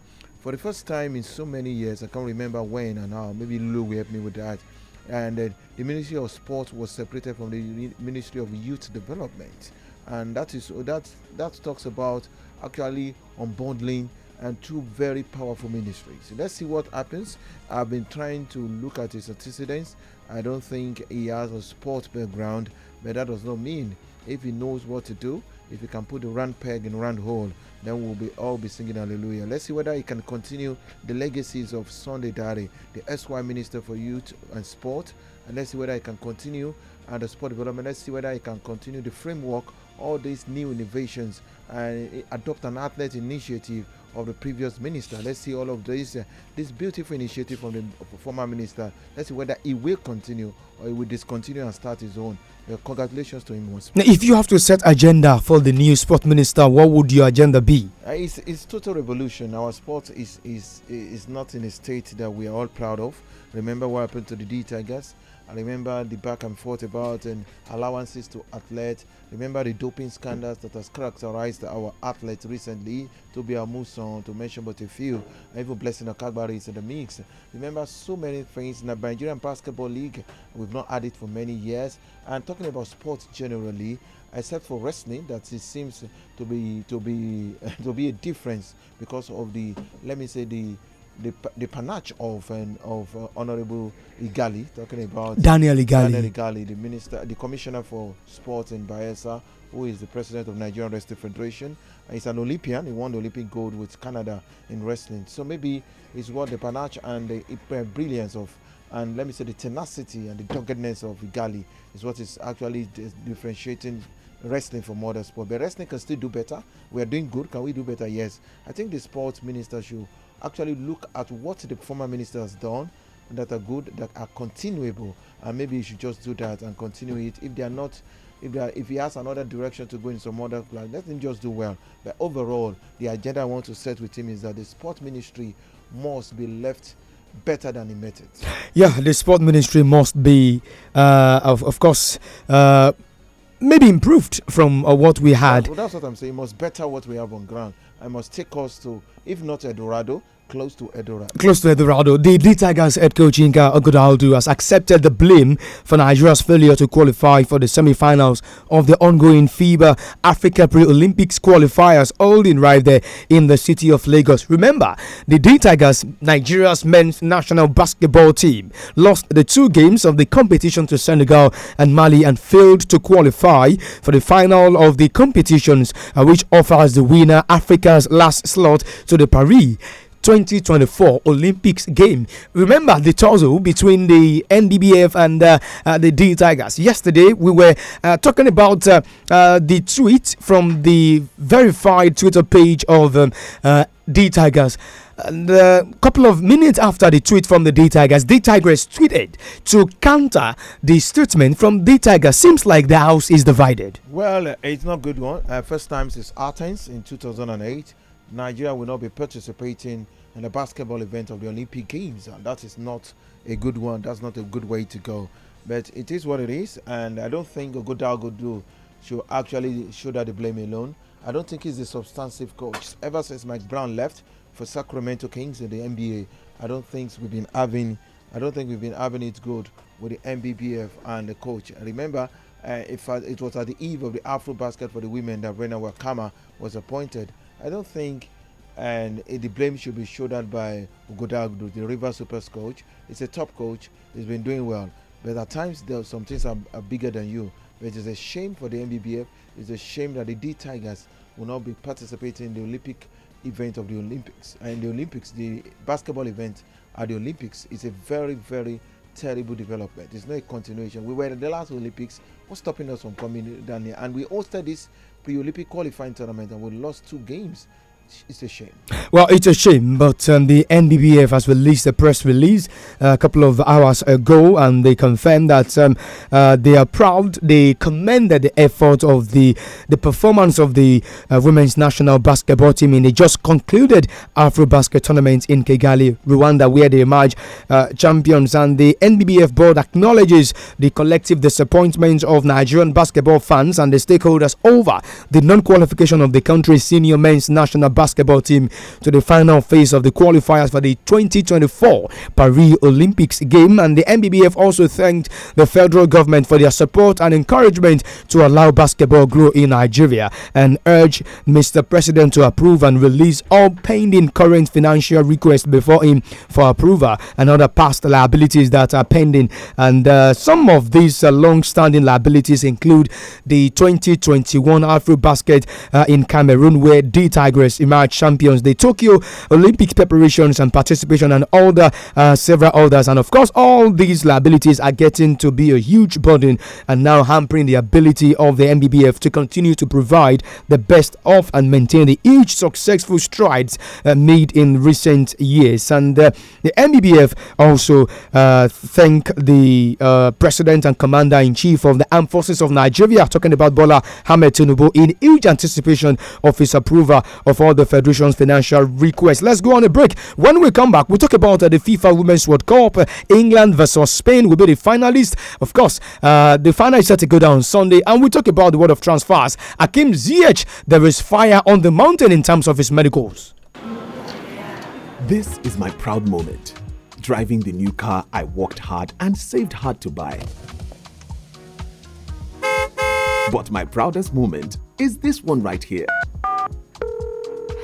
for the first time in so many years, I can't remember when and how, maybe Lulu will help me with that. And uh, the Ministry of Sports was separated from the Ministry of Youth Development. And that is that that talks about actually unbundling and two very powerful ministries. Let's see what happens. I've been trying to look at his antecedents. I don't think he has a sports background, but that does not mean if he knows what to do, if we can put the round peg in round hole, then we'll be all be singing hallelujah. Let's see whether he can continue the legacies of Sunday Daddy, the SY Minister for Youth and Sport. And let's see whether he can continue and the sport development. Let's see whether he can continue the framework, all these new innovations, and eh, adopt an athlete initiative of the previous minister. Let's see all of this, uh, this beautiful initiative from the former minister. Let's see whether he will continue or he will discontinue and start his own. Uh, congratulations to him once. Now, if you have to set agenda for the new sport minister, what would your agenda be? Uh, it's, it's total revolution. Our sport is, is, is not in a state that we are all proud of. Remember what happened to the D Tigers? I remember the back and forth about and allowances to athletes. Remember the doping scandals that has characterized our athletes recently, To be a Muson, to mention but a few. Even Blessing Okagbari is in the mix. Remember so many things in the Nigerian Basketball League. We've not had it for many years. And talking about sports generally, except for wrestling that it seems to be to be to be a difference because of the let me say the the, the panache of um, of uh, Honorable Igali, talking about Daniel Igali. Daniel Igali, the minister, the commissioner for sports in Bayelsa, who is the president of Nigerian Wrestling Federation. Uh, he's an Olympian. He won the Olympic gold with Canada in wrestling. So maybe it's what the panache and the uh, brilliance of, and let me say the tenacity and the doggedness of Igali is what is actually differentiating wrestling from other sport. But wrestling can still do better. We are doing good. Can we do better? Yes. I think the sports minister should actually look at what the former minister has done that are good that are continuable and maybe you should just do that and continue it if they are not if they are, if he has another direction to go in some other plan let him just do well but overall the agenda i want to set with him is that the sport ministry must be left better than he met it yeah the sport ministry must be uh, of, of course uh, maybe improved from uh, what we had well, that's what i'm saying must better what we have on ground i must take us to if not Edorado, close to Edorado. Close to Edorado, The D Tigers head coach Inka Ogodaldu has accepted the blame for Nigeria's failure to qualify for the semi finals of the ongoing FIBA Africa Pre Olympics qualifiers holding right there in the city of Lagos. Remember, the D Tigers, Nigeria's men's national basketball team, lost the two games of the competition to Senegal and Mali and failed to qualify for the final of the competitions, uh, which offers the winner Africa's last slot to to the Paris 2024 Olympics game. Remember the tussle between the NDBF and uh, uh, the D Tigers. Yesterday, we were uh, talking about uh, uh, the tweet from the verified Twitter page of um, uh, D Tigers. And a couple of minutes after the tweet from the D Tigers, D Tigers tweeted to counter the statement from D Tigers. Seems like the house is divided. Well, it's not good one. first time since Athens in 2008 Nigeria will not be participating in the basketball event of the Olympic Games, and that is not a good one. That's not a good way to go. But it is what it is, and I don't think Ogodal Godu should actually shoulder the blame alone. I don't think he's a substantive coach. Ever since Mike Brown left for Sacramento Kings in the NBA, I don't think we've been having, I don't think we've been having it good with the MBBF and the coach. I remember, uh, it, it was at the eve of the Afro Basket for the women that Rena Wakama was appointed I don't think and eh, the blame should be shouldered by Ugodagdu, the River Supers coach. It's a top coach. He's been doing well. But at times, there are some things are, are bigger than you. But it's a shame for the MBBF. It's a shame that the D Tigers will not be participating in the Olympic event of the Olympics. And uh, the Olympics, the basketball event at the Olympics, is a very, very terrible development. It's not a continuation. We were in the last Olympics. What's stopping us from coming down here? And we hosted this pre-Olympic qualifying tournament and we lost two games it's a shame. Well, it's a shame, but um, the NBBF has released a press release uh, a couple of hours ago, and they confirmed that um, uh, they are proud. They commended the effort of the the performance of the uh, women's national basketball team in the just concluded AfroBasket tournament in Kigali, Rwanda, where they emerged uh, champions. And the NBBF board acknowledges the collective disappointment of Nigerian basketball fans and the stakeholders over the non-qualification of the country's senior men's national basketball team to the final phase of the qualifiers for the 2024 Paris Olympics game. And the MBBF also thanked the federal government for their support and encouragement to allow basketball grow in Nigeria and urge Mr. President to approve and release all pending current financial requests before him for approval and other past liabilities that are pending. And uh, some of these uh, long standing liabilities include the 2021 Afro Basket uh, in Cameroon, where D Tigress emerge champions. The Tokyo Olympic preparations and participation and all the uh, several others. And of course, all these liabilities are getting to be a huge burden and now hampering the ability of the MBBF to continue to provide the best of and maintain the huge successful strides uh, made in recent years. And uh, the MBBF also uh, thank the uh, president and commander in chief of the armed forces of Nigeria, talking about Bola Hamed Tinubu, in huge anticipation of his approval of all the Federation's financial request. Let's go on a break. When we come back, we talk about uh, the FIFA Women's World Cup. Uh, England versus Spain will be the finalists. Of course, uh, the final is set to go down Sunday. And we talk about the world of transfers. Akim Ziyech, there is fire on the mountain in terms of his medicals. This is my proud moment. Driving the new car I worked hard and saved hard to buy. But my proudest moment is this one right here.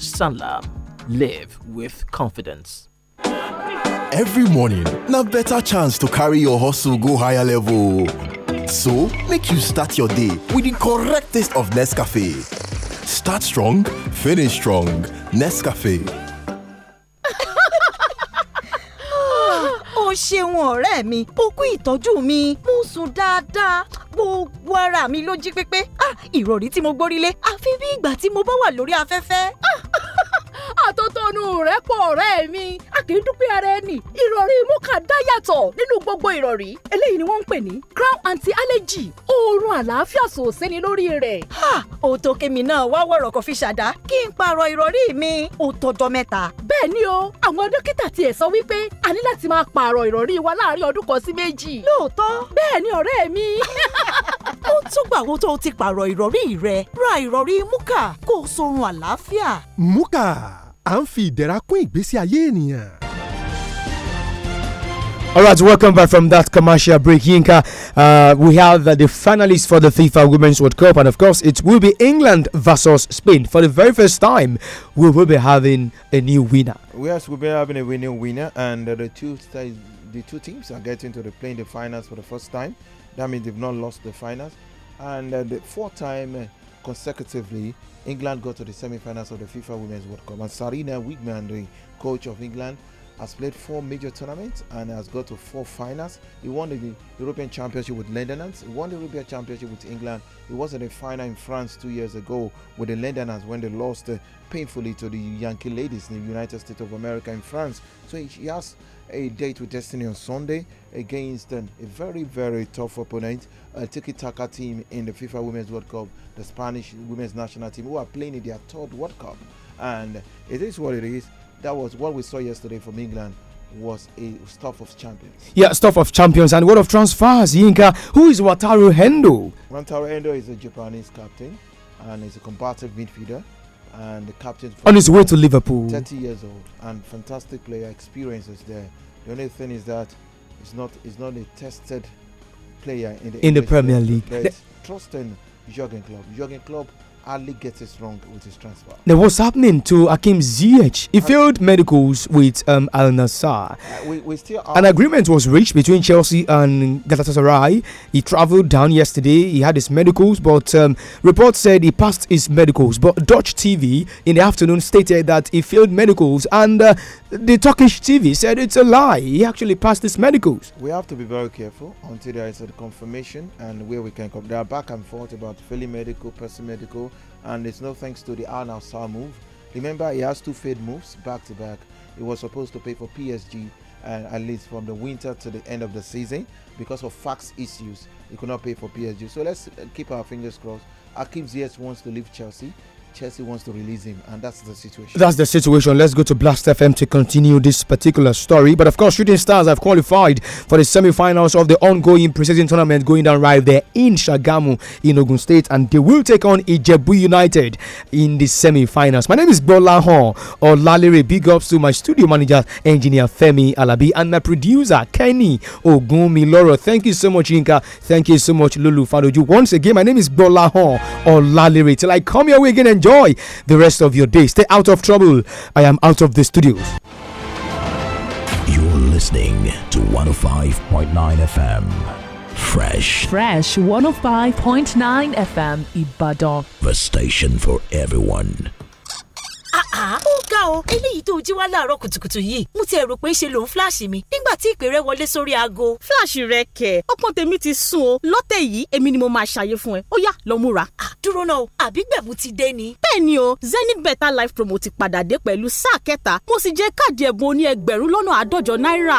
Sanlam. Live with confidence. Every morning, now better chance to carry your hustle go higher level. So, make you start your day with the correct taste of Nescafe. Start strong, finish strong. Nescafe. o ṣeun ọ̀rẹ́ mi o kú ìtọ́jú mi mo sùn dáadáa gbogbo ara mi ló jí pépé ah ìrọ̀rí tí mo gbórí lé àfi bí ìgbà tí mo bá wà lórí afẹ́fẹ́ ah, àtótónu rẹ̀ pọ̀ ọ̀rẹ́ mi a kì í dúpẹ́ ara ẹni ìrọ̀rí Muka dá yàtọ̀ nínú gbogbo ìrọ̀rí eléyìí ni wọ́n ń pè ní crown anti allergy oorun àlàáfíà sòsẹ́ni lórí rẹ̀. ó tó kémi náà wá wọ̀rọ̀ kò fi ṣàdá kí n pààrọ̀ ìrọ̀rí mi ó tọjọ́ mẹ́ta. bẹ́ẹ̀ ni o àwọn dókítà tiẹ̀ sọ wípé a ní láti máa pààrọ̀ ìrọ̀rí wa láàárín ọdún kan sí méjì. lóòótọ́ bẹ́ẹ̀ ni ọ̀rẹ́ mi. ó àwọn tó ti pààrọ̀ ìrọ̀rí rẹ ra ìrọ̀rí múkà kó o sorun àlàáfíà. múkà à ń fi ìdẹ̀ra kún ìgbésí ayé ènìyàn. All right, welcome back from that commercial break, Yinka. Uh, we have uh, the finalists for the FIFA Women's World Cup, and of course, it will be England versus Spain. For the very first time, we will be having a new winner. Yes, we'll be having a winning winner, and uh, the two the two teams are getting to the playing the finals for the first time. That means they've not lost the finals and uh, the fourth time uh, consecutively England got to the semi-finals of the FIFA Women's World Cup. And Sarina Wigman, the coach of England, has played four major tournaments and has got to four finals. He won the European Championship with Netherlands. He won the European Championship with England. He was in the final in France two years ago with the Netherlands when they lost uh, painfully to the Yankee ladies in the United States of America in France. So he has a date with destiny on Sunday against um, a very, very tough opponent, a Tiki Taka team in the FIFA Women's World Cup, the Spanish women's national team, who are playing in their third World Cup. And it is what it is that was what we saw yesterday from England was a stuff of champions. Yeah, stuff of champions. And what of transfers, Yinka? Who is Wataru Hendo? Wataru Hendo is a Japanese captain and is a combative midfielder and the captain on his way to Liverpool. 30 years old and fantastic player experiences there. The only thing is that it's not it's not a tested player in the in the Premier League. Trusting Jurgen Klopp. Jurgen Klopp Ali gets it wrong with his transfer. Now, what's happening to Akim Ziyech? He failed medicals with um, Al Nassr. Uh, we, we still An agreement was reached between Chelsea and Galatasaray. He travelled down yesterday. He had his medicals, but um, reports said he passed his medicals. But Dutch TV in the afternoon stated that he failed medicals and uh, the Turkish TV said it's a lie. He actually passed his medicals. We have to be very careful until there is a confirmation and where we can come. There are back and forth about failing medical, person medical, and it's no thanks to the Arnold Sar move. Remember, he has two failed moves back to back. He was supposed to pay for PSG at least from the winter to the end of the season because of fax issues. He could not pay for PSG. So let's keep our fingers crossed. Akim Ziyech wants to leave Chelsea. Chelsea wants to release him, and that's the situation. That's the situation. Let's go to Blast FM to continue this particular story. But of course, Shooting Stars have qualified for the semi-finals of the ongoing preseason tournament going down right there in Shagamu in Ogun State, and they will take on Ijebu United in the semi-finals. My name is Bola Hon or Lalere. Big ups to my studio manager, engineer Femi Alabi, and my producer Kenny Ogumiloro. Thank you so much, Inka. Thank you so much, Lulu Fadoju. Once again, my name is Bola Hon or Lalere. Till I come your way again Enjoy the rest of your day. Stay out of trouble. I am out of the studios. You're listening to 105.9 FM. Fresh. Fresh 105.9 FM Ibadan. The station for everyone. Ah, ah, ó ga o eléyìí tó jí wá láàárọ̀ kùtùkùtù yìí mo ti rò pé ṣe lòun fíláàṣì mi nígbà tí ìpè rẹ wọlé sórí aago. fíláàṣì rẹ kẹ ọpọ́n tèmi ti sùn o lọ́tẹ̀ yìí èmi ni mo máa ṣàyè fún ẹ ó yá lọ múra. Ah, dúró náà àbí gbẹ̀bù ti dé ni. bẹ́ẹ̀ o zenith better life promo ti padà dé pẹ̀lú sáà kẹta mo sì jẹ́ káàdì ẹ̀bùn oní ẹgbẹ̀rún lọ́nà àádọ́jọ náírà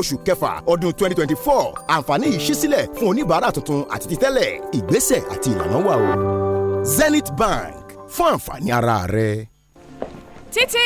oṣù kẹfà ọdún 2024 àǹfààní yìí ṣí sílẹ̀ fún oníbàárà tuntun àti títẹ́lẹ̀ ìgbésẹ̀ àti ìlànà wà o Zenith Bank fún àǹfààní ara rẹ. títí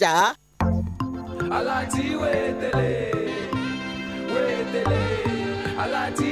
ajá. aláti wéé tẹ̀lé wéé tẹ̀lé aláti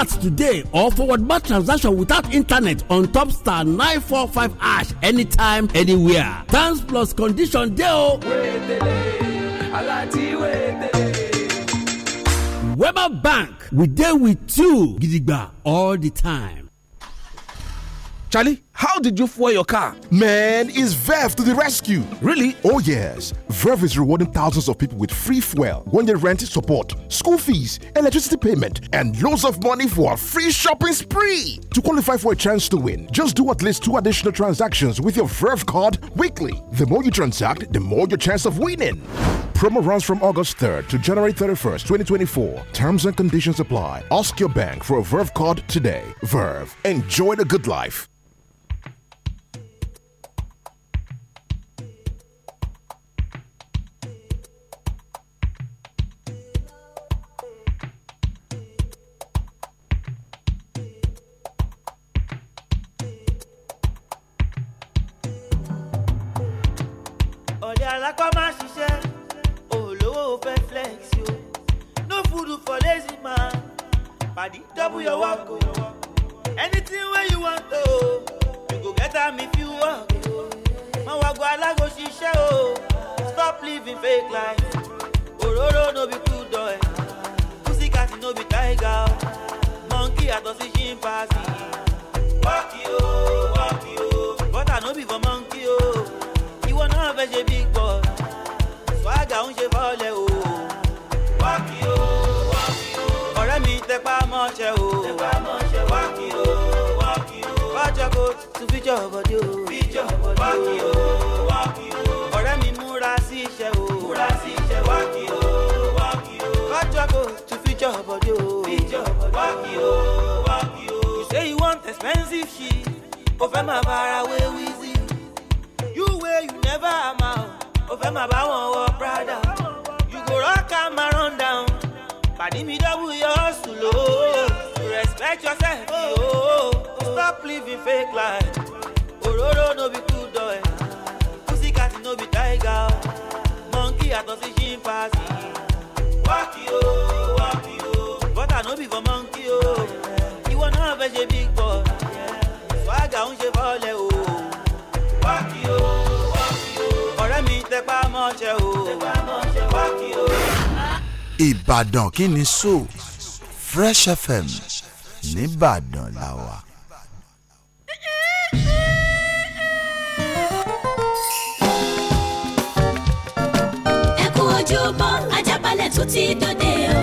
today or forward BAT transaction without internet on top star 945 ash anytime, anywhere. Thanks plus condition deal. Oh. Weber Bank, we deal with you, Gidigba, all the time. Charlie. How did you fuel your car? Man, it's Verve to the rescue. Really? Oh, yes. Verve is rewarding thousands of people with free fuel, one year rent support, school fees, electricity payment, and loads of money for a free shopping spree. To qualify for a chance to win, just do at least two additional transactions with your Verve card weekly. The more you transact, the more your chance of winning. Promo runs from August 3rd to January 31st, 2024. Terms and conditions apply. Ask your bank for a Verve card today. Verve, enjoy the good life. Adimidabu, double your solo. Oh. Respect yourself, oh. Stop living fake life. Ororo no be good boy. Oh, doy. Pussycat no be tiger. Oh. Monkey at us is chimpanzee. Walk you, walk you. But I no be for monkey. Ìbàdàn kí ni sọ Fresh FM nìbàdàn la wà. ẹ kú ojúbọ Ajábalẹ̀ tó ti dòde o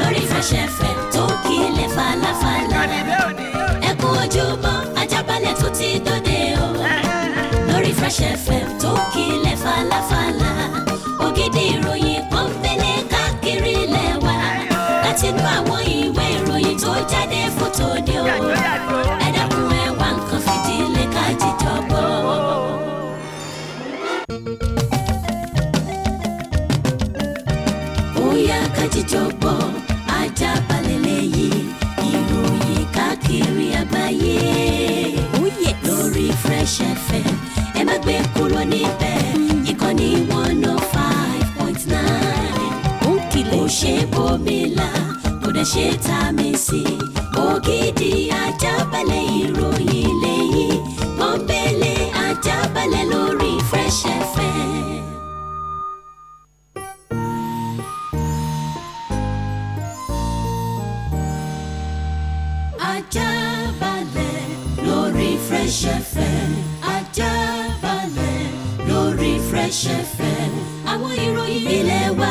lórí Fresh FM tó kílẹ̀ falafala ẹ kú ojúbọ Ajábalẹ̀ tó ti dòde o lórí Fresh FM tó kílẹ̀ falafala. jáde fótó òde o ẹ dákun ẹ wá nǹkan fìdílé ká jíjọ gbọ́. bóyá ká jíjọ gbọ́ ajá balẹ̀ lẹ́yìn ìròyìn káàkiri àgbáyé oh, lórí Fresh FM ẹ má gbé kúrò níbẹ̀ ìkànnì one oh five point nine kò ṣe bómi la ibẹ̀ ṣe ta mi sí ògidì ajábalẹ̀ ìròyìn lẹ́yìn pọ́npẹ́lẹ́ ajábalẹ̀ lórí Fresh FM. Ajábalẹ̀ lórí Fresh FM ajábalẹ̀ lórí Fresh FM àwọn ìròyìn ilé wa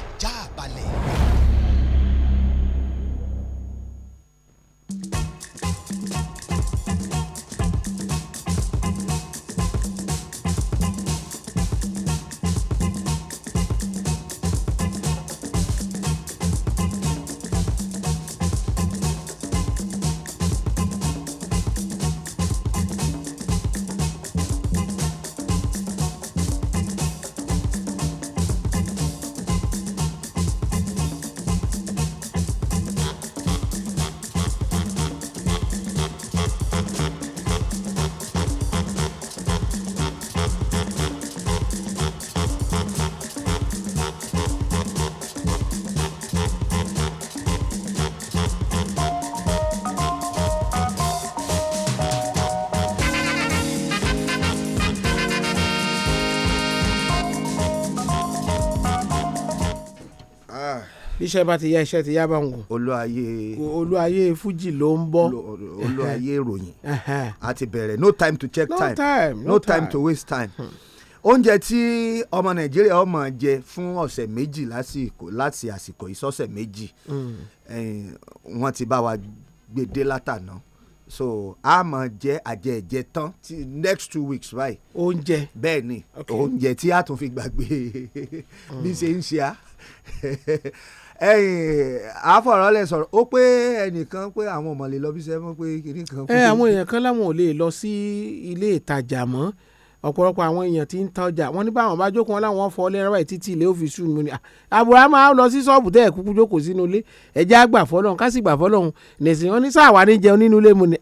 iṣẹ́ bá ti yá iṣẹ́ ti yá bá wọn. olúwaye olúwaye fújì ló ń bọ̀. olúwaye ìròyìn a ti bẹ̀rẹ̀ no time to check time. no time, no, no time. time to waste time. Hmm. oúnjẹ tí ọmọ nàìjíríà ọmọ jẹ fún ọ̀sẹ̀ méjì lásìkò láti àsìkò ìsọ̀sẹ̀ méjì hmm. wọ́n ti bá wa gbèdé látàná so a mọ̀ jẹ́ àjẹjẹ tán ti next two weeks right. oúnjẹ bẹ́ẹ̀ ni oúnjẹ tí a tún fi gbàgbé hmm. bí ṣe ń ṣe á àfọ̀rọ̀lẹ̀ sọ̀rọ̀ ó pé ẹnìkan pé àwọn ọmọ lè lọ bí sẹ́wọ́n pé kiri kan. ẹ àwọn èèyàn kan láwọn ò lè lọ sí ilé ìtajà mọ́ ọ̀pọ̀lọpọ̀ àwọn èèyàn tí ń tọ́jà wọ́n ní báwọn bá jókòó wọn láwọn fọ́ lẹ́rọ ẹ̀ títí ilé òfin sùn mi ni àbúrò máa lọ sí ṣọ́ọ̀bù tẹ́ ẹ̀ kúkú jókòó sínú ilé ẹ̀jẹ̀ àgbà fọlọ́hún ká sì gbà fọlọ́hún nẹ̀sìn wọn ní sáàwá ní jẹun nínú ilé mu ni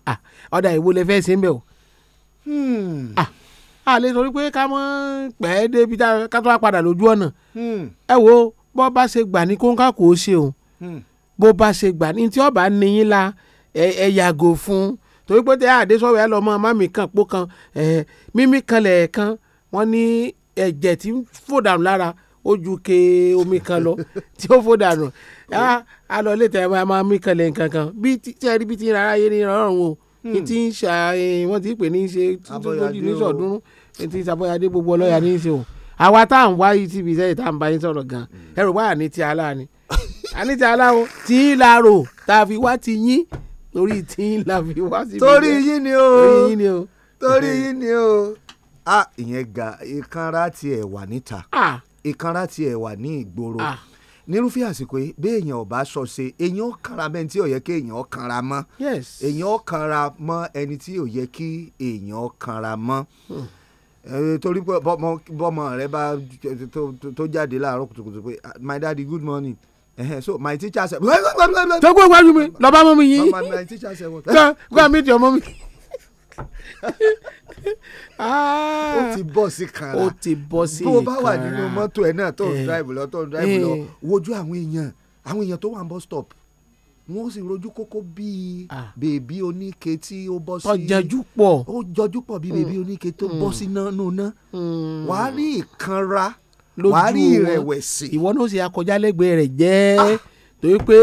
ọ̀dà ìwo lè fẹ́ ṣe ń bẹ̀ o. Hmm. a lè sọ pé ká mọ́ pẹ́ẹ́ débi ká tó wá padà lójú ọ̀nà hmm. ẹ wo bó bá ṣe gbà ní kóńkà kò ṣe o hmm. bó bá ṣe gbà ní tí ọba níyìn la ẹ yàgò fún torí pé tẹ́lẹ̀ àdésọ́wọ́ ẹ lọ mọ mami kan pó kan mímí kan lẹ́ẹ̀kan wọ́n ní ẹ̀jẹ̀ tí ń fò dànù lára ó ju ke omi kan lọ tí ó fò dànù a lọ lè tẹ́ ẹ máa mí kan lẹ́ẹ̀kan kan bí tí ẹ rí bí tí ń rárá yé ní ìrọ̀rùn o hmm. ní ti ń ṣà wọ́n ti pè ní ṣe tuntun lójú ní sọ̀dúnrún ní ti ṣàbọ̀yàdé gbogbo ọlọ́yà ní í o àwa tá à ń wá tv sẹ́yìn tá à ń bá yín sọ̀rọ̀ gan mm. ẹrù wá àní ti aláàánú àní ti aláwo tí í la rò tá a fi wá ti yín torí tí í la fi wá sí. torí yín ni o torí yín ni o torí yín ni o. a ìyẹn ga ìkanra tiẹ̀ wà níta ìkanra tiẹ̀ wà ní ìgboro nírúfẹ́ àsìkò yìí bí èèyàn ò bá sọ ṣe èèyàn ò kanra mọ́ ẹni tí ò yẹ kí èèyàn ò kanra mọ́ èèyàn ò kanra mọ́ ẹni tí ò yẹ kí èèyàn ò kanra mọ́. Hmm torí pé bọ́mọ rẹ bá tó jáde láàárọ̀ kùtùkùtù pé ah, my daddy good morning so my teacher said. tó kó wájú mi lọ́ba mọ́ mi yín tó kó mi di ọmọ mi. ó ti bọ́ sí kàrà ó ti bọ́ sí kàrà tó bá wà nínú mọ́tò ẹ̀ náà tó ń eh. drive lọ tó ń drive lọ eh. wojú àwọn èèyàn àwọn èèyàn tó wà ń bus stop wọn ó sì rojú kókó bíi ah. bèbí oníke tí ó bọ́ sí. tọ́jọ́jú pọ̀. ó jọjú pọ̀ bíi bèbí hmm. oníke tó bọ́ hmm. sí nánú ná. Hmm. wàá rí ìkanra wàá rí ìrẹ̀wẹ̀sì. ìwọ ló ṣe akọjálẹ́gbẹ̀ẹ́ rẹ̀ jẹ́ ah. torí pé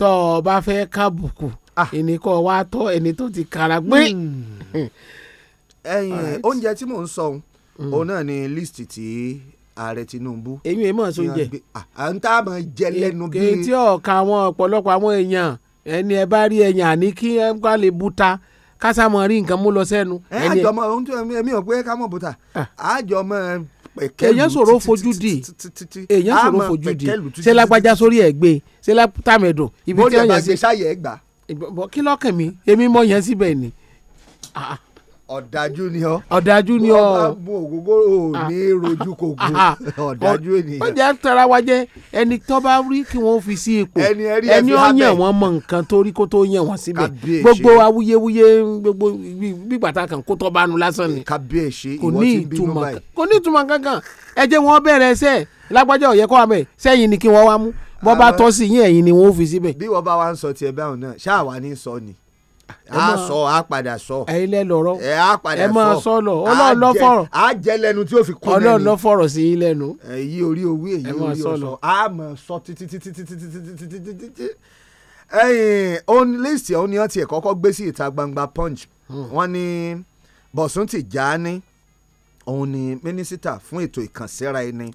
tọ́ ọ bá fẹ́ kábùkù ah. ẹnì kan wá tọ́ ẹni tó ti kara gbé. ẹyin oúnjẹ tí mò ń sọ òun náà ni líìsì tí ààrẹ tinubu. èyí ẹ mọ̀ sún jẹ. à ń tá a mọ̀ jẹ lẹ́nu bí. kí n tí ọ̀ka àwọn ọ̀pọ̀lọpọ̀ àwọn èèyàn ẹni ẹ bá rí ẹyàn àní kí ẹ ń gbà lè buta kásámọ rí nǹkan mú lọ sẹ́nu. ẹ àjọ mọ ohun tí mi ò pé ká mọ̀ buta àjọ ah. mọ pẹ̀kẹ́lù èèyàn sọ̀rọ̀ fojú di èèyàn sọ̀rọ̀ fojú di ṣé lágbájá sórí ẹ̀ gbé ṣé lápútàmẹ̀dùn ibi tí wọ́n yàn sí. bó lè bá gbé sáyẹ̀ ẹ̀ gbà. kí lọ́kàn mi èmi mọ̀ yẹn síbẹ̀ ni. Ah, ah ọ̀dájú ni ọ. ọ̀dájú ni ọ. wọ́n bá mú ògógóró ò ah, ní ah, rojú ah, kòkó ọ̀dájú ènìyàn. wọ́n jẹ́ tara wa jẹ́ ẹni tó bá rí kí wọ́n fi sí ipò ẹni ó yàn wọ́n mọ nǹkan tó rí kó tó yàn wọ́n síbẹ̀ gbogbo awuyewuye gbogbo gbígbàtà kan kó tó bá nu lásán ni kò ní ìtumọ̀ kò ní ìtumọ̀ kankan ẹ jẹ́ wọ́n bẹ̀rẹ̀ ẹsẹ̀ lágbájá ọ̀yẹ́ kọ́ àmẹ́ sẹ́yìn ni kí wọ́n wá mú bọ́ bá tọ́ sí yín ẹ̀yìn ni wọ́n fi síbẹ̀. bí wọ́n bá wá ń sọ tiẹ̀ báwọn náà ṣáà wà ní sọ ni a sọ a padà sọ. ẹyin lẹ lọ́rọ̀ ẹ a padà sọ ẹ máa sọ lọ Ọlọ́run ló fọ̀rọ̀. a jẹ lẹ́nu tí o fi kún lẹ́nu Ọlọ́run ló fọ̀rọ̀ sí yín lẹ́nu. èyí orí owó èyí orí ọsọ a máa sọ títí títí títí títí títí títí títí. ẹyin onílẹ̀sì oníyàn tiẹ̀ kọ́kọ́ gbé sí ìta gbangba punch hmm. wọ́n ní Bọ̀sùn Tìjání òun ni mínísítà fún ètò ìkànsíra ẹni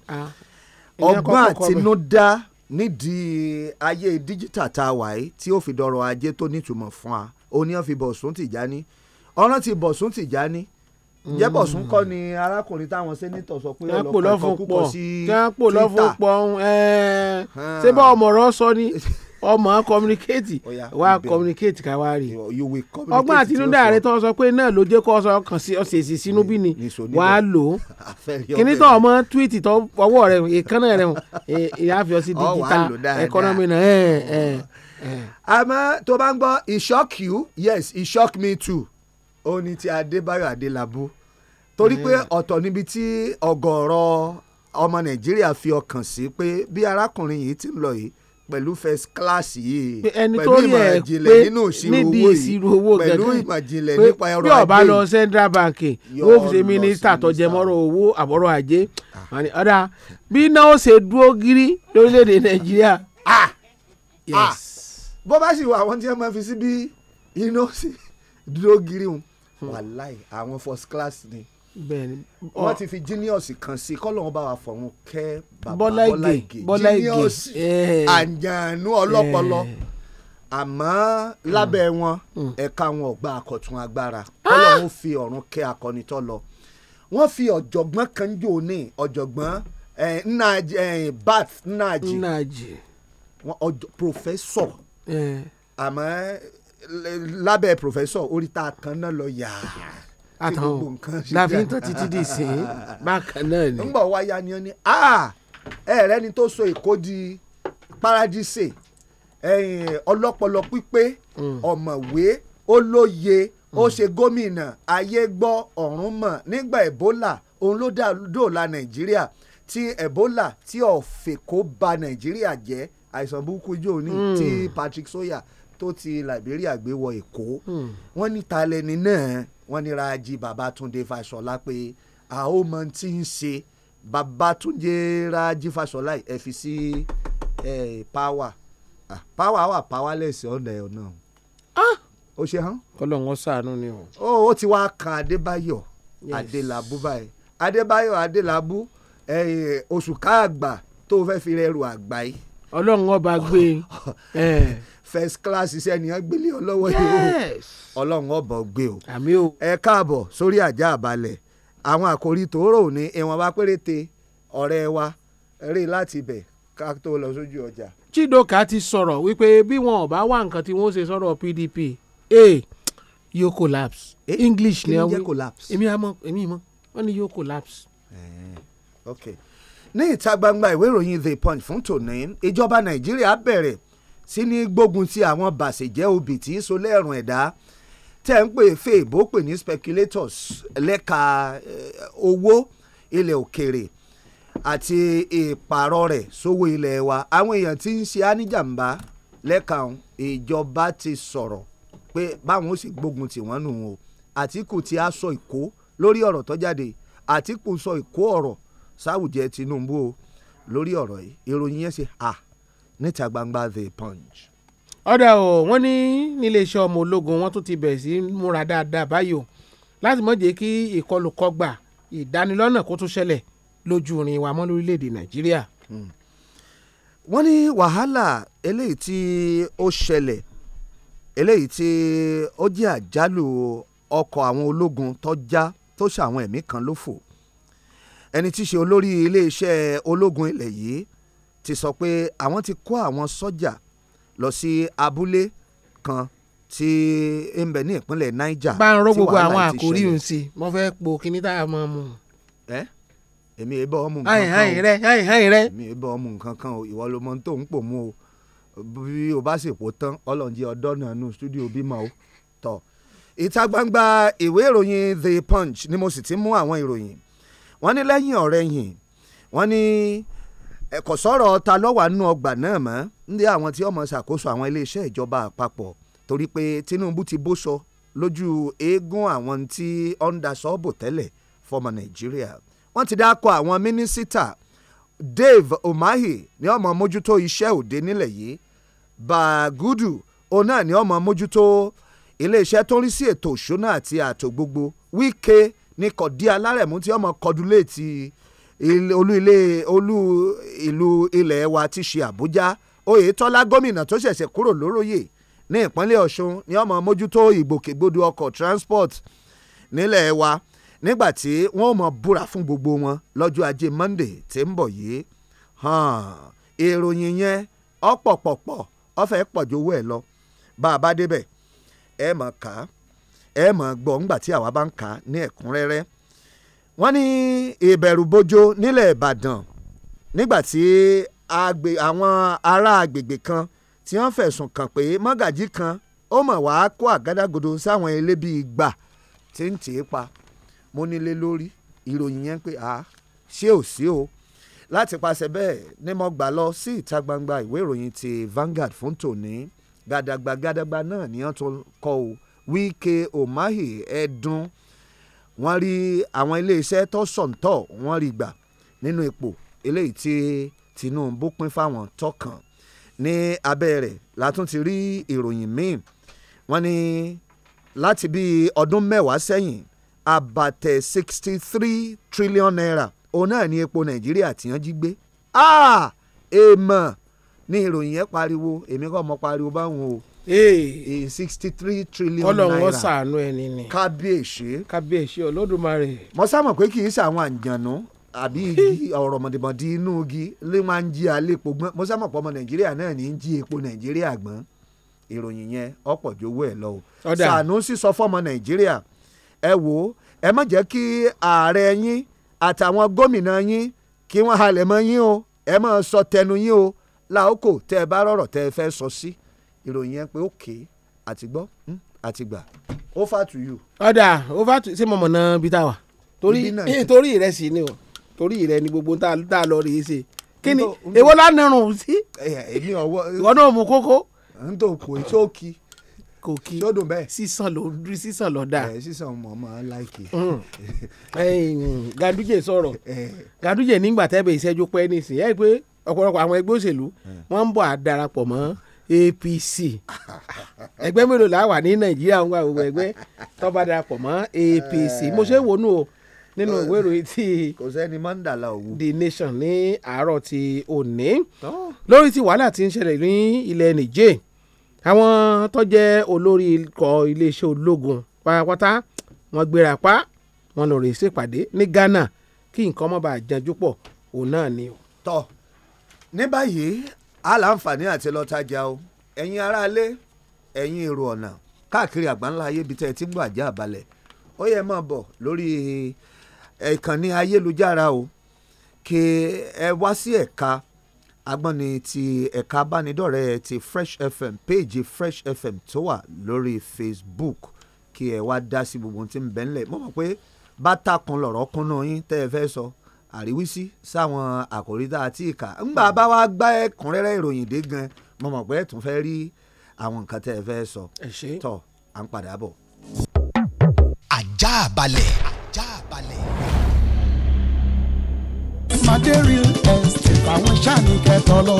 ọgbọ́n àtinúdá nídìí ayé díjítà tá a wà yìí tí ó fi dọ̀rọ̀ ajé òní wọn fi Bọ̀sún Tìjání ọ̀ràn ti Bọ̀sún Tìjání ǹjẹ́ Bọ̀sún kọ́ ni arákùnrin táwọn sẹ́nitọ̀ sọ pé ọlọ́kọ̀ kúkọ̀ sí twitter kí wọ́n pò lọ́fún pọ̀ ṣé bá ọmọ ọ̀rọ̀ sọ ni ọmọ kọmíníkéètì wa kọmíníkéètì ká wá rí ọgbọ́n àtinúdá rẹ tó sọ pé náà ló jẹ́ kó ọsọ kàn sí ọ̀sẹ̀sì sínú bí ni wà á lò ó kíní tó ọmọ túwìtì tó ọwọ́ rẹ èkánná rẹ ìyáfíọ́sí dígítà ẹkọ́nọ́mì náà Eh. àmọ́ tó bá ń gbọ́ it shock you yes it shock me too ó ní ti adébáyọ̀ adélabú torí pé mm. ọ̀tọ̀ níbi tí ọ̀gọ̀ọ̀rọ̀ ọmọ nàìjíríà fi ọkàn sí pé bí arákùnrin yìí ti ń lọ yìí pẹ̀lú first class yìí pẹ̀lú ìmọ̀ ìjìnlẹ̀ nínú ìṣirò owó yìí pẹ̀lú ìmọ̀ ìjìnlẹ̀ nípa ẹ̀rọ ajé. bí ọba lọ central bank ó ṣe mínísítà tó jẹ mọ́rọ̀ owó àbọ̀rọ̀ ajé ah. ọ̀dà bí náà ó ṣe dúró gírí lórílẹ̀‐èdè nàìjíríà. Ah. Ah. yes bó bá sì wà àwọn tí wọ́n máa fi sí bí iná sí dúró gírí wọn hmm. wàláì àwọn first class ni bẹ́ẹ̀ni wọn ti fi genius kan si kọlọrun bá wa fọrun kẹ baba bọlá ìgè bọlá ìgè genius àjànú ọlọpọlọ àmọ́ lábẹ́ hmm. wọn hmm. ẹ̀ka wọn ọgbà àkọtun agbára ah! kọlọrun fi ọ̀run kẹ akọni tó lọ wọ́n fi ọ̀jọ̀gbọ́n kan jò ní ọ̀jọ̀gbọ́n eh, eh, bat nnaji professor Eh. àmọ́ lábẹ́ professor orí kan náà lọ yà á àtàn o láfi tán títí di ìsìn bákan náà ni. ńgbà wáyà ni ó ní ẹ rẹ ni tó so èkó di paradise ọlọ́pọlọ pípé mm. ọ̀mọ̀wé olóye ó mm. ṣe gómìnà ayé gbọ́ ọ̀run mọ̀ nígbà Ebola òun ló dà dòòlà Nàìjíríà tí Ebola tí ọ̀fẹ́ kó ba Nàìjíríà jẹ́ àìsàn burúkú joe ní hmm. tí Patrick Sawyer tó ti Liberia gbé wọ Èkó hmm. wọ́n ní talẹ́ni náà wọ́n ní Rájí Babátúndé Fáṣọlá pé a ó mọ tí ń ṣe Babátúndé Rájí Fáṣọlá ẹ fi sí power ah, power wà powerless ọ̀nà ẹ̀ náà ah! ó ṣe hàn. kọlọ́ngọ́ sàánú ni o. ó ó ti wá kan Adébáyọ̀ Adélabú báyìí Adébáyọ̀ Adélabú oṣù káàgbà tó fẹ́ fi rẹrù àgbáyé ọlọ́run ọba gbé first class iṣẹ́ nìyẹn gbélé ọlọ́wọ́ yìí o ọlọ́run ọba gbé o ẹ káàbọ̀ sórí àjà àbálẹ̀ àwọn àkòrí tòórọ́ òní ìwọ̀nba péréte ọ̀rẹ́ wa eré láti bẹ̀ ká tó lọ sójú ọjà. Chidoka ti sọ̀rọ̀ wípé bí wọn ò bá wá nǹkan tí wọ́n ṣe sọ̀rọ̀ PDP eh, yóò collapse eh, English ni wọ́n wí èmi mọ̀ wọ́n ní yóò collapse. Eh, okay ní ìta gbangba ìwé ìròyìn the punch fún tòní ìjọba nàìjíríà bẹ̀rẹ̀ sí ní gbógun ti àwọn bàṣẹ̀jẹ́ obì tí í so lẹ́rùn ẹ̀dá tẹ́ ń pè fè bó ní speculators lẹ́ka eh, owó ilẹ̀ òkèrè àti ìpààrọ̀ rẹ̀ sówó ilẹ̀ wa àwọn èèyàn tí ń ṣe áníjàmbá lẹ́ka ìjọba ti sọ̀rọ̀ pé báwọn ó sì gbógun tì wọ́n nù o àtìkù ti a sọ ìkó lórí ọ̀rọ̀ tó jáde àtìkù sọ ìkó ọ̀rọ̀ sáwùjẹ́ Tinubu o lórí ọ̀rọ̀ yìí ìròyìn yẹn ṣe à níta gbangba the punch. ọ̀dà ò wọ́n ní níléeṣẹ́ ọmọ ológun wọ́n tún ti bẹ̀rẹ̀ sí múra dáadáa báyìí o láti mọ̀ jẹ́ kí ìkọlù kọgbà ìdánilọ́nà kó tún ṣẹlẹ̀ lójú irin wa mọ́ lórílẹ̀‐èdè Nàìjíríà. Hmm. wọ́n ní wàhálà eléyìí tí ó ṣẹlẹ̀ eléyìí tí ó jẹ́ àjálù ọkọ̀ àwọn ológun tó já tó ṣàwọn ẹ̀mí kan lófò ẹni tí í ṣe olórí iléeṣẹ́ ológun ilẹ̀ yìí ti sọ pé àwọn ti kó àwọn sọ́jà lọ sí abúlé kan tí ń bẹ ní ìpínlẹ̀ Niger. bá ń rọ gbogbo àwọn àkórí òun sí mo fẹ́ po kíní tá a mọ̀ mu. ẹ èmi ẹ bọ́ ọmú nǹkan kan o àyìn rẹ àyìn rẹ. èmi ẹ bọ́ ọmú nǹkan kan o ìwọ ló mọ tó ń pò mú o bí o bá sì pò tán ọlọ́njẹ́ ọ̀dọ́ náà nù stúdíò bímọ o tọ̀ ìta gbangba ìwé ìròyìn The Punch ni mo sì ti mú àwọn ìròyìn wọ́n ní lẹ́yìn ọ̀rẹ́ yìí wọ́n ní ẹ̀kọ́ sọ̀rọ̀ ta lọ́wọ́ nínú ọgbà náà mọ́ ní àwọn tí ọmọ ṣàkóso àwọn iléeṣẹ́ ìjọba àpapọ̀ torí pé Tinubu ti bó sọ lójú eégún àwọn tí ó tẹ́lẹ̀ fọmọ Nàìjíríà wọ́n ti dákọ̀ àwọn mínísítà Dave Omahi ní ọmọ mójútó iṣẹ́ òde nílẹ̀ yìí Bagudu òun náà ní ọmọ mójútó iléeṣẹ́ tó ń rí sí ètò òṣùnà àti ààtò gbogbo Wike ní kọ̀dí alárẹ̀mú tí ọmọ kọdúlé ti olú ilé olú ìlú ilẹ̀ wa ti ṣe Àbújá Oyètọ́lá gómìnà tó ṣẹ̀ṣẹ̀ kúrò lóróyè ní ìpínlẹ̀ Ọ̀ṣun ní ọmọ mójútó ìgbòkègbodò ọkọ̀ transport nílẹ̀ wa nígbàtí wọ́n mọ̀ búra fún gbogbo wọn lọ́jọ́ ajé Monday tí ń bọ̀ yìí ìròyìn yẹn ọ̀pọ̀pọ̀pọ̀ ọ̀fẹ́ pọ̀jù ẹ̀ lọ bá a bá débẹ̀ ẹ̀ mọ̀ ká ẹ mọ̀ gbọ́ ńgbà tí àwa bá ń kà á ní ẹ̀kúnrẹ́rẹ́ wọ́n ní ìbẹ̀rù bojo nílẹ̀ Ìbàdàn nígbà tí àwọn ará agbègbè kan tí wọ́n fẹ̀sùn kàn pé mọ́gàjí kan ó mọ̀ wá kó àgádágodo sáwọn ilé bíi gbà tí ń tì í pa mo nílé lórí ìròyìn yẹn pé a ṣé ò sí o láti paṣẹ bẹ́ẹ̀ ni mo gbà lọ sí ìta gbangba ìwé ìròyìn ti Vanguard fún tòní gàdàgbà gàdàgbà náà ni wọ́n tún kọ́ o Wike Omahi ẹ̀dùn wọn rí àwọn iléeṣẹ́ tó ṣòǹtọ̀ wọn rí gbà nínú ipò eléyìí tí Tinubu pín fáwọn tọ́kàn ní abẹ́ rẹ̀ látún ti rí ìròyìn míì wọ́n ní láti bí ọdún mẹ́wàá sẹ́yìn àbàtẹ̀ sixty three trillion naira òun náà ni epo Nàìjíríà ti wọ́n jí gbé ah! èèmọ̀ ni ìròyìn yẹn pariwo èmi kọ́ mọ pariwo báwọn o ee sixty three trillion naira Ọlọ́run wọn ṣàánú ẹni ni kábíyèsí kábíyèsí Olódùmarè. mo sábà pé kì í ṣe àwọn àǹjànú àbí igi ọ̀rọ̀ mọ̀dìmọ̀dì inú igi lè máa ń jí alépo gbọ́n mo sábà pọ̀ ọmọ Nàìjíríà náà ní í jí epo Nàìjíríà gbọ́n ìròyìn yẹn ọ̀pọ̀ jowó ẹ̀ lọ o Sànúsì sọ fọ́mọ Nàìjíríà ẹ wò ó ẹ má jẹ́ kí ààrẹ yín àtàwọn gómìnà yín kí wọ́n halẹ̀ mọ́ yín o ẹ má sọ tẹnu yín o láòkò tẹ́ ẹ bá rọ̀rọ̀ tẹ́ ẹ fẹ́ sọ sí. si ìròyìn yẹn pé òkè àti gbọ́ àti hmm? gbà over to you. ọ̀dà over to ṣé mo mọ̀ náà bí tá a wà torí torí rẹ sì ni o torí rẹ ni gbogbo tá a lọ rèé ṣe kí ni èwo lánàrùn sí. èmi ọwọ́ ìwọ náà mú kókó. n tó kò tí ó kí kò kí sódò bẹ́ẹ̀ sísan ló dúró sísan ló dáa. ẹ sísan mọ̀ mọ́ láìkè. Ganduje sọ̀rọ̀ Ganduje nígbà tẹ́bẹ̀ ìṣẹ́jú pẹ́ nísìnyẹ́ pé ọ̀pọ̀lọpọ̀ àwọn ẹgbẹ́ òṣèlú wọ́n ń bọ̀ àdarapọ̀ mọ́ apc ẹgbẹ́ mélòó la wà ní nàìjíríà ń wá gbogbo ẹgbẹ́ tó bá darapọ̀ mọ́ apc mo ṣe wò nù o nínú ìwé ìròyìn tí kò sẹ́ni mọ́ndàlá òwú the nation ní àárọ̀ ti òní lórí ti wàhálà tí ń ṣẹlẹ̀ ní ilẹ̀ niger àwọn tó jẹ́ olórí ikọ̀ iléeṣẹ́ ológun pátápátá wọ́n gbéra pa wọ́n lọ rèé ṣèpàdé ní ghana kí nǹkan má bàa janjú pọ̀ òun náà ni. tọ́ ní báyìí a láǹfààní àti lọ tajà o ẹ̀yin aráalé ẹ̀yin èrò ọ̀nà káàkiri àgbáńlá ayé ibi tẹ́ ẹ ti ń gbọ́ àjẹ́ àbálẹ̀ ó yẹ máa bọ̀ lórí eh, ìkànnì ayélujára o kí ẹ wá sí ẹ̀ka agbọ́ni ti ẹ̀ka abánidọ́rẹ̀ẹ́ ti Fresh FM péèjì Fresh FM tó wà lórí Facebook kí ẹ wá dá sí gbogbo ohun tí ń bẹ ńlẹ̀ mo mọ̀ pé bá takùn lọ̀rọ̀ kúnnú yín tẹ́ ẹ fẹ́ sọ àríwísí sáwọn àkòrí tá a ti kà ńgbà bá wa gbá ẹ̀kúnrẹ́rẹ́ ìròyìn dé gan mo mọ̀ pé ẹ fẹ́ rí àwọn nǹkan tẹ́ ẹ fẹ́ sọ tó à ń padà bọ̀. ajá balẹ̀. ajá balẹ̀. real estate àwọn sáà ní kẹtọ lọ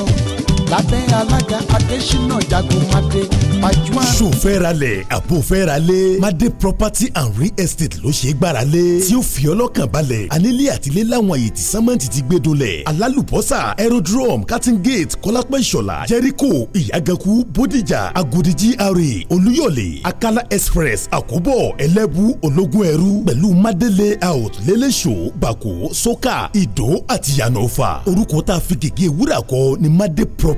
lábẹ́ alága adésínà jagun máde pajúwa. sofẹ́ralẹ̀ àbúfẹ́ralẹ̀ máde property and real estate ló ṣe é gbára lé tí ó fi ọlọ́kàn balẹ̀ anílé àtìlé láwọn àyè tí sẹ́mẹ́ǹtì ti gbé dolẹ̀ alálùbọ́sà aerodrome cutting gate kọ́lápẹ́ ìṣọ̀lá jẹ́ríkò ìyàgànkù bódìjà agodi gra olúyọ̀lé akala express àkóbọ̀ ẹlẹ́bù ológun ẹrú pẹ̀lú máde layout lẹ́lẹ́ṣọ́ bàkó sọ́kà ìdó àti yànnọ́fà orúkọ tá a fi gègé ni máde property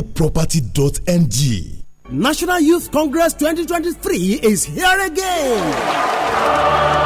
holiadayproperty.ng. National Youth Congress 2023 is here again.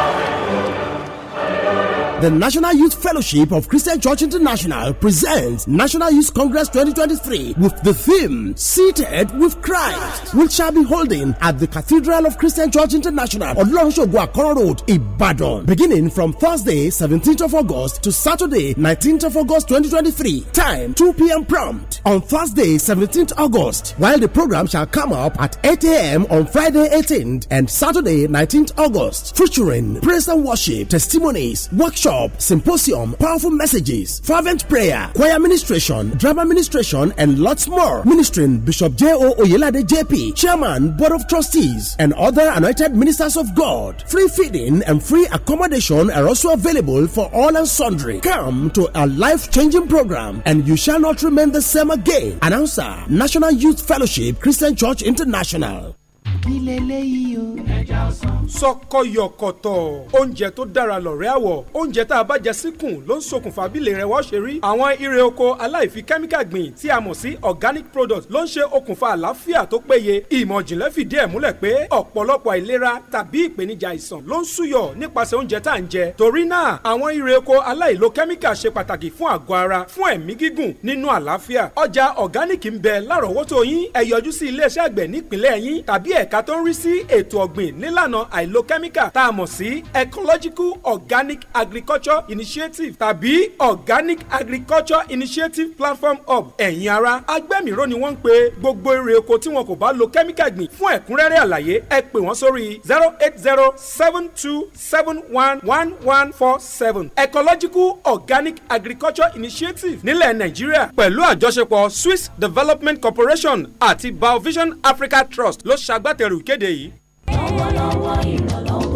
The National Youth Fellowship of Christian Church International presents National Youth Congress 2023 with the theme Seated with Christ, which shall be holding at the Cathedral of Christian Church International on Longshogwa Akon Road, Ibadan, beginning from Thursday, 17th of August to Saturday, 19th of August 2023. Time 2 p.m. prompt on Thursday, 17th August, while the program shall come up at 8 a.m. on Friday, 18th and Saturday, 19th August, featuring praise and worship, testimonies, workshops workshop, symposium, powerful messages, fervent prayer, choir ministration, drama administration, and lots more. Ministering Bishop J.O. Oyelade JP, Chairman, Board of Trustees, and other anointed ministers of God. Free feeding and free accommodation are also available for all and sundry. Come to a life changing program, and you shall not remain the same again. Announcer, National Youth Fellowship, Christian Church International. kí leléyìí o. ẹja ọsàn. sọkọyọkọtọ oúnjẹ tó dára lọ̀rẹ́ àwọ̀ oúnjẹ tá a bá jẹ síkùn ló ń ṣokùnfà bí ilé rẹ̀ wọ́n ṣe rí àwọn irè oko aláìfi kẹ́míkà gbìn tí a mọ̀ sí organic product ló ń ṣe okùnfà àlàáfíà tó péye ìmọ̀ ìjìnlẹ̀ fìdí ẹ̀ múlẹ̀ pé ọ̀pọ̀lọpọ̀ àìlera tàbí ìpèníjà àìsàn ló ń súyọ nípasẹ̀ oúnjẹ tá à ń jẹ torí náà àwọn irè oko aláìlo kẹ́míkà ṣe pàtàkì fún àgọ́ ara fún ẹ̀mí gígùn nínú àlàáfíà ọjà organic ń bẹ lárọ̀ọ́wọ́tó yín ẹ yọjú sí iléeṣẹ́ àgbẹ̀ nípìnlẹ̀ yín tàbí ẹ ẹ̀ka tó ń rí sí ètò ọ̀gbìn nílànà àìlókẹ́míkà tá a mọ̀ sí ecological organic agriculture initiative tàbí organic agriculture initiative platform hub ẹ̀yin ara agbẹ́mìíràn ni wọ́n ń pe gbogbo èrè oko tí wọn kò bá lo kẹ́míkà gbìn fún ẹ̀kúnrẹ́rẹ́ àlàyé ẹ pè wọ́n sórí zero eight zero seven two seven one one one four seven ecological organic agriculture initiative nílẹ̀ nàìjíríà pẹ̀lú àjọṣepọ̀ swiss development corporation àti biovision africa trust ló ṣàgbá agbátẹrù kéde yìí. lọ́wọ́lọ́wọ́ ìrànlọ́wọ́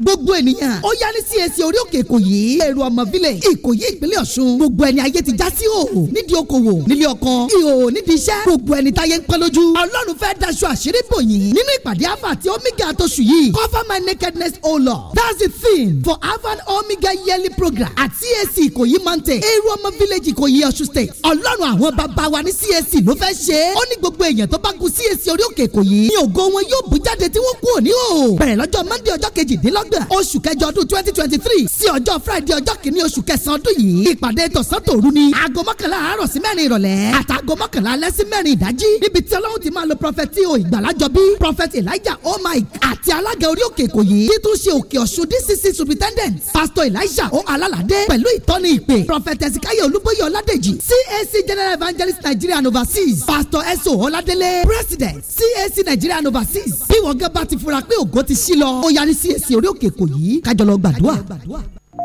gbogbo ènìyàn ó yá ní CAC orí òkè ìkòyí èrò ọmọ village ìkòyí ìpínlẹ̀ ọ̀ṣun gbogbo ẹni ayé ti já sí òòhò nídìí okòwò nílé ọkàn ìhòòhò nídìí iṣẹ́ gbogbo ẹni táyé ń pẹ́ lójú ọlọ́run fẹ́ daṣọ àṣírí bò nínú ìpàdé afa àti omega àtọ̀sù yìí cover my nakedness o lord that's the thing. for avan omega yearly program at CAC ìkòyí mountain èrò ọmọ village ìkòyí ọ̀ṣun state ọlọ́run àwọn bàbá wa ní CAC ló fẹ́ ṣe ó ní gbogbo èèyàn tó bá kú CAC orí òkè ìkòyí ní ògo wọn yóò bú jáde tí wọ́n kú òní o december oṣù kẹjọ ọdún twenty twenty three sí ọjọ́ friday ọjọ́ kìíní oṣù kẹsàn-án ọdún yìí ìpàdé tọ̀sán tòru ni aago mọ́kànlá àárọ̀ sí mẹ́rin ìrọ̀lẹ́ àtàgọ́ mọ́kànlá alẹ́ sí mẹ́rin ìdájí níbi tí ọlọ́run ti máa lo prọfẹtì o ìgbàlájọ bí prọfẹtì elijah omaik àti alága orí òkè èkó yìí títún ṣe òkè ọ̀ṣun dcc superintendent pastor elijah o alalade pẹ̀lú ìtọ́ni ìpè prọfẹtì ẹ̀sìnkáyọ̀ olúbóyè ọládèjì cac general evangelist nigeria and overseas pastor eso ọládélé president cac nigeria and overseas bí wọ́n gẹ́ bá ti fura pé ògo ti ṣí lọ ó yarí cac orí òkè lókè kò yìí kájọ lọ gbàdúrà.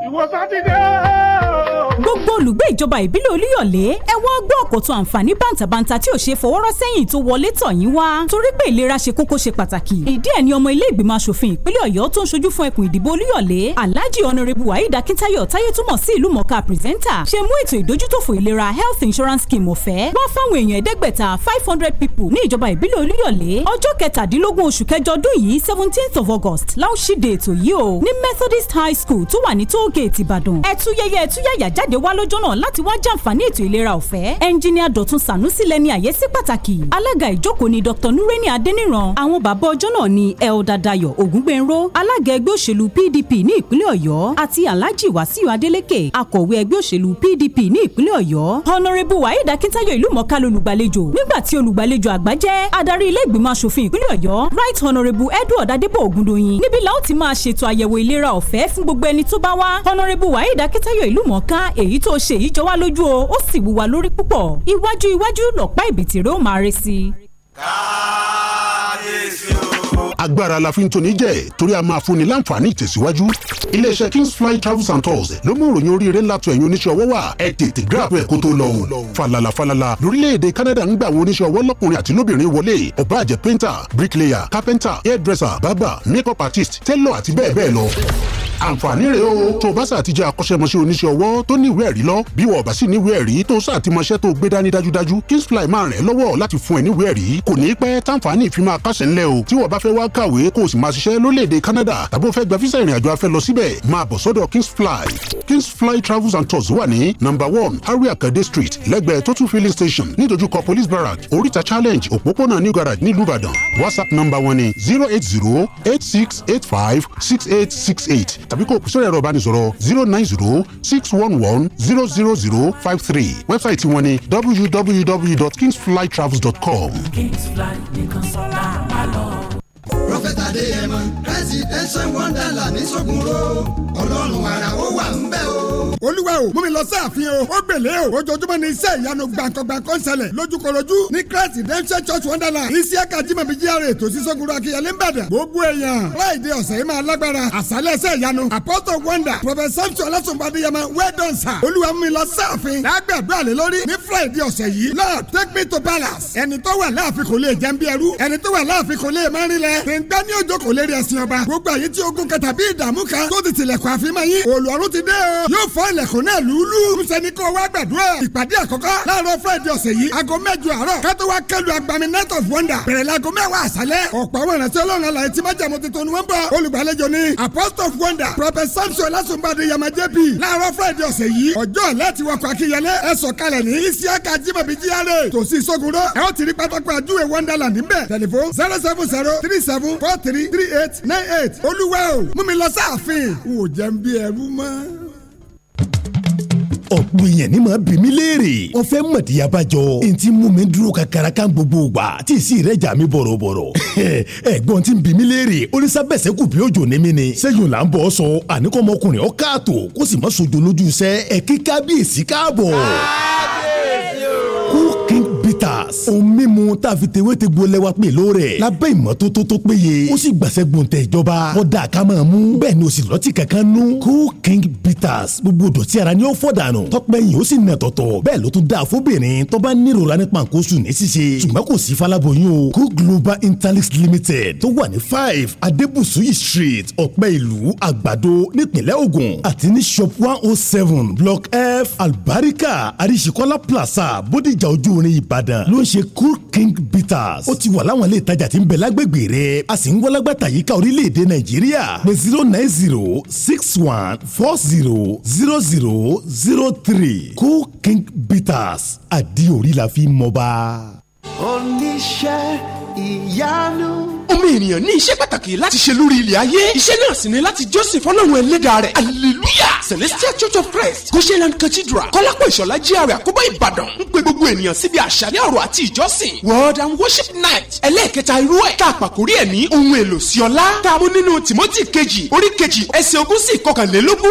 ìwọ sátidé gbogbo olùgbé ìjọba ìbílẹ̀ olúyọ̀lé ẹ wá gbọ́ ọ̀kọ̀tọ̀ àǹfààní bàǹtàbàǹtà tí ò ṣe fọwọ́rọ́ sẹ́yìn tó wọlé tọ̀ yín wá torí pé ìlera ṣe kókó ṣe pàtàkì ìdí ẹ̀ ni ọmọ ilé ìgbìmọ̀ asòfin ìpínlẹ̀ ọ̀yọ́ tó ń ṣojú fún ẹkùn ìdìbò olúyọ̀lé alhaji honorable waheed akintayo táyé túmọ̀ sí ìlú mọ̀ọ́ká pírẹsẹ́ńtà ṣe mú ètò ìdójútòfò ìlera health insurance scheme ọ̀fẹ́ wá fáwọn èèyàn five hundred people ní ìjọba ìbílẹ̀ olúyọ̀lé ọjọ́ kẹtàdínlógún oṣù kẹjọ ọdún yìí seventeenth of august láwọn ṣíde ètò yìí o methodist high school tó wà ní tóògèètì ìbàdàn ẹ̀túyẹyẹ ẹ̀túyàyà já jáde wá lọ́jọ́ náà láti wá jàǹfààní ètò ìlera ọ̀fẹ́. ẹnjiníà dọ̀tun sànúsì lẹ́ni àyẹ́sí pàtàkì alága ìjókòó ni dr nureni adeniran àwọn bàbá ọjọ́ náà ni elda dayo ògúngbẹ̀nró alága ẹgbẹ́ òṣèlú pdp ní ìpínlẹ̀ ọ̀yọ́ àti alhaji wasiu adeleke akọ̀wé ẹgbẹ́ òṣèlú pdp ní ìpínlẹ̀ ọ̀yọ́ honorable waheed akintayo ìlúmọ̀ọ́ká lolùgbàlejò nígbà tí olùgbàlejò àgbà jẹ́ adarí ilé ìgbìmọ̀ asòfin ìpínlẹ̀ ọ̀yọ́ right honorable edward adebo ogundoyin níbi la ti máa ṣètò àyẹ̀wò ìlera ọ̀fẹ́ fún gbogbo ẹni tó bá wá honorable waheed akintayo ìlúmọ̀ọ́ká èyí tó ṣe yìí jọ wá lójú o ó sì wù wá lórí púpọ̀ iwájú iwájú lọ̀pá ìbìtìrẹ́ ó máa re sí i. kábíyèsí agbára la fi ń toni jẹ́ torí a máa fúnni láǹfààní ìtẹ̀síwájú iléeṣẹ́ kingsfly travels and tours ló mú ìròyìn oríire látọ̀ ẹ̀yìn oníṣẹ́ ọwọ́ wà ẹ̀ tètè grab kó tó lọ falala falala lórílẹ̀‐èdè Canada ń gba àwọn oníṣẹ́ ọwọ́ lọ́kùnrin àti lóbìnrin wọlé ọ̀bá painter bricklayer carpenter hairdresser barber makeup artist tailor àti bẹ́ẹ̀ bẹ́ẹ̀ lọ àǹfààní rèé o tó o bá ṣàtijọ́ akọ́ṣẹ́mọṣẹ́ oníṣẹ́ ọwọ́ tó ní ìwé ẹ̀rí lọ bí wọ́n bá sì ní ìwé ẹ̀rí tó ṣàtìmọṣẹ́ tó gbé dání dájúdájú Kingsfly máa ràn ẹ́ lọ́wọ́ láti fún ẹ ní ìwé ẹ̀rí kò ní pẹ́ táǹfààní ìfimọ́ akásẹ̀ ńlẹ̀ o tí wọ́n bá fẹ́ wá kàwé kó o sì máa ṣiṣẹ́ lólèdè Canada tàbí o fẹ́ gba físà ìrìnàjò afẹ́ lọ síbẹ̀ máa bọ̀ sọ́dọ̀ Kingsfly Kingsfly Travels and Tours wà ní number one Harry Akande Street lẹ́gbẹ̀ẹ́ Total filling station nídojúkọ police barrack oríta challenge òpópónà New Garage nílùú Ìbàdàn WhatsApp number wọn zero eight zero eight six eight five six eight six eight tàbí kò sórí ẹ̀rọ ìbánisọ̀rọ̀ zero nine zero six one one zero zero zero five three wẹ́bsáìtì wọn ni www.kingsflytravels.com. kingsfly ní kan sọ́ra máa lọ prophet adéyẹmọ presidential wonderland níṣògùn ro ọlọ́run ara ó wà ń o. olúwa o mú mi lọ sí ààfin o ó gbèlè o ojoojúmọ́ ni iṣẹ́ ìyanu gbàǹkangbàǹkan ṣẹlẹ̀ lójúkorojú ní christ redemption church wonderland iṣẹ́ kajimami jíjáre ètò sísọ́gun ra kíyẹlé ń bàdàn gbogbo èèyàn friday ọ̀sẹ̀ yìí máa lágbára àṣálẹ̀ iṣẹ́ ìyanu apostle wonder prophet samson ọlásùnfà adéyẹmọ well done sir olúwa mú mi lọ sí ààfin lágbàdo àlè lórí ní friday ọ̀sẹ̀ yìí lord take me to palace ẹni tó wà láàfin kò lè gbá ní òjò kò lérí ẹ̀sìn ọba gbogbo àyè tí ogun kẹta bí ìdààmú kan tó ti tilẹ̀kùn àfimọ́ yín olùwàrún ti dé o yóò fọ́ ilẹ̀kùn náà lùlù nsẹ́ni kó wá gbàdúrà ìpàdé àkọ́kọ́ láàárọ̀ friday ọ̀sẹ̀ yìí aago mẹ́jọ àárọ̀ kátó wá kẹlu agbami night of wonder bẹ̀rẹ̀ laago mẹ́wàá àṣálẹ́ ọ̀pọ̀ àwọn ìrántí ọlọ́run àlàyé tí májàmú tuntun ni wọ́n bọ̀ olùgbàlejò ni apostle of wonder prophet samson lásùnbàdé yamajẹ́ bíi láàárọ̀ friday ọ̀sẹ̀ yìí ọjọ́ láti wakọ̀ akínyẹlé ẹ sọ̀kalẹ̀ ní isiaka jimabi jíyàrá tòsí sógunró ẹ ó ti rí pátákó àjúwe wonderland níbẹ̀ tẹlifon zero seven zero three seven four three three eight nine eight olúwa o mú mi lọ sáàfin wò jẹ́ n bí ẹrú mọ́ ọ̀pọ̀ èèyàn ní máa bí mi léèrè. wọ́n fẹ́ mọ̀dí mú mi dúró ka karaka gbogbo gbà tí ìsì rẹ̀ jà mí bọ̀rọ̀bọ̀rọ̀. ẹ̀gbọ́n ti bí mi léèrè onísàbẹ̀sẹ̀ kù bí òjò ní mi ni. sẹ́yìn là ń bọ̀ sọ àníkọ́ ọ̀ káàtó kó sì má sojo lójú sẹ́ ẹ̀ kábíyèsí káàbọ̀. kábíyèsí o ohun mímu tá a fi tewé te gbolẹ̀ wa pè lóore lábẹ́ ìmọ́tótó tó péye ó sì gbàsẹ́ gbòǹtẹ̀ ìjọba kọ́dà ká máa mú bẹ́ẹ̀ ni o sì lọ́tì kankan nú cool king bitters gbogbo dọ̀tí ara ni ó fọ̀ dànù tọ́pẹ́ yìí ó sì nà tọ̀tọ̀ bẹ́ẹ̀ ló tún dáa fóbìnrin tó bá nírora ní pàǹkóṣù ní ṣíṣe ṣùgbọ́n kò sí falaboyún o cool global interlix limited tó wà ní five adébùsúyì street ọ̀pẹ́ ìlú àgbàdo nípìnlẹ̀ Ògùn àti ní shop one oh seven block f albarika àríṣekọ́lá plaza bódìjà ojú orin Ìbàdàn ló ń ṣe cool king bitters ó ti wà láwọn ilé ìtajà tí ń bẹ lágbègbè rẹ a sì ń wọ́lágbàtà yíká orílẹ̀-èdè nàìjíríà pé zero nine zero six one four zero zero zero zero three cool king bitters àdí orí la fi mọ́ oníṣẹ́ ìyanu ọmọ ènìyàn ní iṣẹ́ pàtàkì láti ṣe lórí ilẹ̀ ayé iṣẹ́ náà sì ni láti jọ́sìn fọlọ́run ẹlẹ́dàá rẹ̀ hallelujah celestial church of christ goshenland cathedral kọ́lápọ̀ ìṣọ̀lá jíàrè àkóbọ̀ ìbàdàn ń pe gbogbo ènìyàn síbi àṣàlẹ̀ ọ̀rọ̀ àti ìjọsìn world and worship night ẹlẹ́ẹ̀kẹta irú ẹ̀ tá a pàkórí ẹ̀ ní ohun èlò sí ọlá tá a mú nínú timothy kejì orí kejì ẹsẹ̀ ogún sí ìkọkànlélógún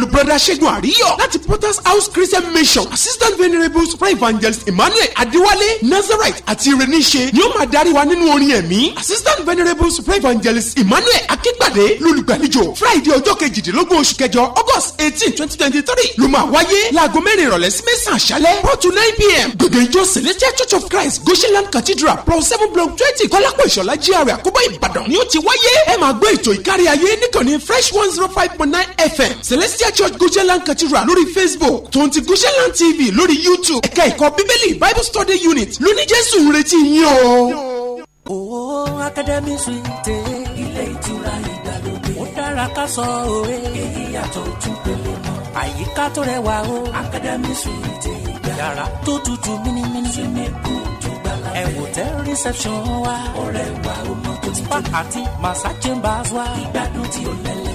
lu brother ṣẹ́gun àríyọ̀ potter's house christian mission assistant venerable super evangelist emmanuel adéwálé nazarite àti ireníṣe ní ni ó máa darí wa nínú orin ẹ̀mí assistant venerable supreme evangelist emmanuel akíngbàdé lolùgbàlejò friday ọjọ́ kejìdínlógún oṣù kẹjọ august eighteen twenty twenty three ló máa wáyé láago mẹ́rin ìrọ̀lẹ́ sí mẹ́sàn-án àṣálẹ́ four to nine pm gbogbo Celestia church of christ goshenland cathedral plot seven block twenty kọ́lápọ̀ ìṣọ̀lá gra àkóbọ̀ ìbàdàn ni ó ti wáyé ẹ máa gbọ́ ètò ìkárí ayé níkànnì fresh one zero five point nine fm Celestia church goshenland cathedral lórí facebook tonti goshenland tv lórí youtube ẹ̀ka ẹ̀kọ́ bíbélì bible study unit lóní jésù retí yín o o. Akademi Suite. Ilé ìtura ìgbàlódé. Ó dára ká sọ òwe. Èyí yàtọ̀ ojú pele mọ́. Àyíká tó rẹwà o. Akademi Suite ìgbà. Yàrá tó tutù mímímí. Sinimu tó gbàlá. Ẹ wò tẹ reception wa. Ọ̀rẹ́ wa o mọ tó ti tó. Spa àti Massa Chambers wa. Ìgbádùn tí ó lẹ́lẹ̀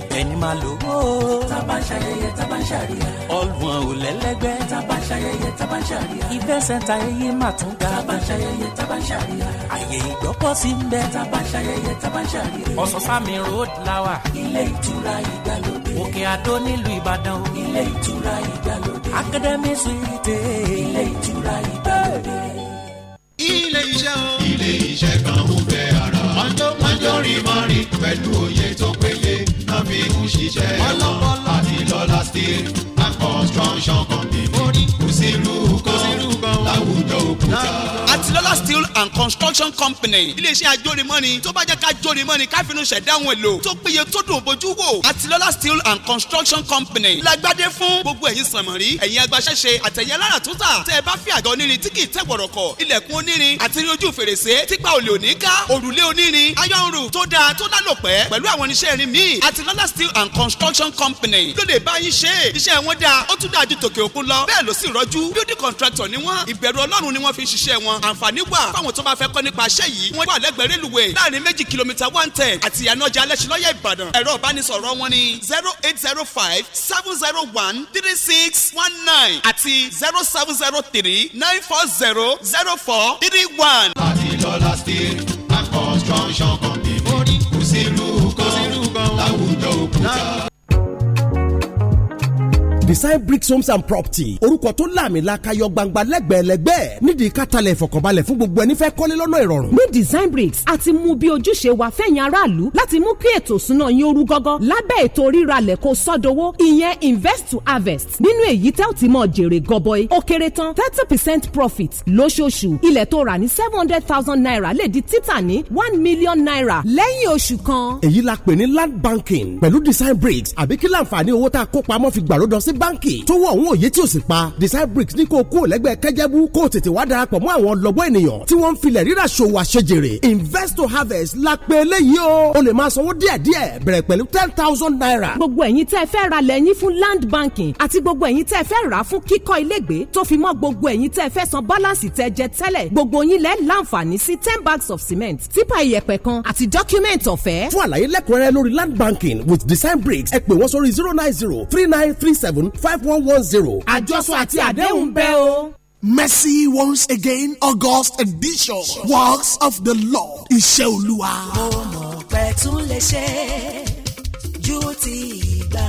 ibẹ̀ ni màá lò ó. tábà ń ṣayẹyẹ tábà ń ṣàríyá. ọlùwọ̀n ò lẹ́lẹ́gbẹ́. tábà ń ṣayẹyẹ tábà ń ṣàríyá. ìfẹ́ sẹ́ńtà ẹyẹ máa tún ga. tábà ń ṣayẹyẹ tábà ń ṣàríyá. àyè ìgbọ́kọ̀sí ń bẹ. tábà ń ṣayẹyẹ tábà ń ṣàríyá. ọ̀sánsámi road lawa. ilé ìtura ìgbàlódé. òkè àdó nílùú ìbàdàn. ilé ìtura ìgbàlódé. academy suite. ilé ìtura ìgbàlódé. ilé iṣẹ́ o. ilé iṣẹ́ kan ń bẹ fi ń ṣiṣẹ́ wọn àti lọ́la steel construction steel and construction company iléeṣẹ́ ajórimọ́ni tó bá jẹ́ ká jórimọ́ni ká finú ṣẹ̀dá ohun èlò tó péye tó dùn bójú wò àtìlọ́lá steel and construction company lágbádé fún gbogbo ẹ̀yin sànmọ́rí ẹ̀yin agbaṣẹ́ṣe àtẹ̀yẹ alára tó tà tẹ́ ẹ bá fi àga onírin tí kì í tẹ̀ wọ̀rọ̀kọ̀ ilẹ̀kùn onírin àti ojú fèrèsé típa olè òní ká òrùlé onírin ayọ̀nrù tó dáa tó lálòpẹ́ pẹ̀lú àwọn iṣẹ́ rin steel and construction company ló lè bá yín ṣe iṣẹ́ wọn d dáa ó tún dáa ju tòkè òkun lọ bẹ́ẹ̀ ló sì rọ́jú building contractor ni wọ́n ìbẹ̀rù ọlọ́run ni wọ́n fi ṣiṣẹ́ wọn àǹfààní wà fáwọn tó bá fẹ́ kọ́ nípa iṣẹ́ yìí wọ́n wà lẹ́gbẹ̀ẹ́ rélùwé láàrin méjì kìlómítà one ten àti ìyànàjà alẹ́sìlọ́yẹ̀ ìbàdàn ẹ̀rọ ìbánisọ̀rọ̀ wọn ni zero eight zero five seven zero one three six one nine àti zero seven zero three nine four zero zero four three one. láti lọ́la steel and construction company kò design bricks homes and property orúkọ tó láàmìlaka yọ gbangba lẹ́gbẹ̀ẹ́lẹ́gbẹ́ nídìí kátàlẹ̀ ìfọ̀kànbalẹ̀ fún gbogbo ẹni fẹ́ kọ́lé lọ́nà ìrọ̀rùn. ní design bricks a ti mú bí ojúṣe wa fẹ̀yìn aráàlú láti mú kí ètò ìsúná yín orú gọ́gọ́ lábẹ́ ètò ríralẹ̀ kó sọ́dọ̀wọ́ ìyẹn invest to harvest nínú èyí tẹ́ ò ti mọ̀ jèrè gọbọi ó kéré tán thirty percent profit lóṣooṣù ilẹ̀ tó rà ní seven hundred thousand naira lè di títà ní one million naira lẹ́yìn oṣù kan. èyí la pè ní land banking pẹ̀lú design bricks àbí kí láǹfààní owó tá a kó pamọ́ fi gbàlódọ́ sí báǹkì tó wọ òun òye tí ò sì pa design bricks ní kó kó lẹ́gbẹ́ kẹ́jẹ́bú kó tètè wá darapọ̀ mọ́ àwọn lọ́gbọ́ ènìyàn tí wọ́n ń filẹ̀ rírà ṣòwò àṣejèrè invest to harvest la pé eléyìí o o lè máa sanwó díẹ̀díẹ̀ bẹ̀rẹ̀ pẹ̀lú ten thousand naira. gbogbo ẹ̀yin tẹ́ fẹ́ ra lẹ́yìn fún land banking àti gbogbo ẹ̀yin tẹ́ fẹ́ rà fún kíkọ́ ilégbèé tó fi mọ́ gbogbo ẹ̀yin tẹ́ fẹ́ san bọ́láǹsì tẹ́ jẹ tẹ́lẹ̀ gbogbo yín lẹ́ láǹfààní sí ten bags of cement tipa iyẹ̀pẹ̀ kan àti document ọ̀fẹ́. fún àlàyé lẹ́kùnrẹ́rẹ́ lórí land banking with design bricks ẹ pè wọ́n sórí zero nine zero three nine three seven five one one zero àjọsọ àti àdéhùn bẹ́ẹ̀ o. Mercy once again August edition works of the Lord iṣẹ́ olúwa. mo mọ̀ pẹ́ tún lè ṣe ju ti ìgbà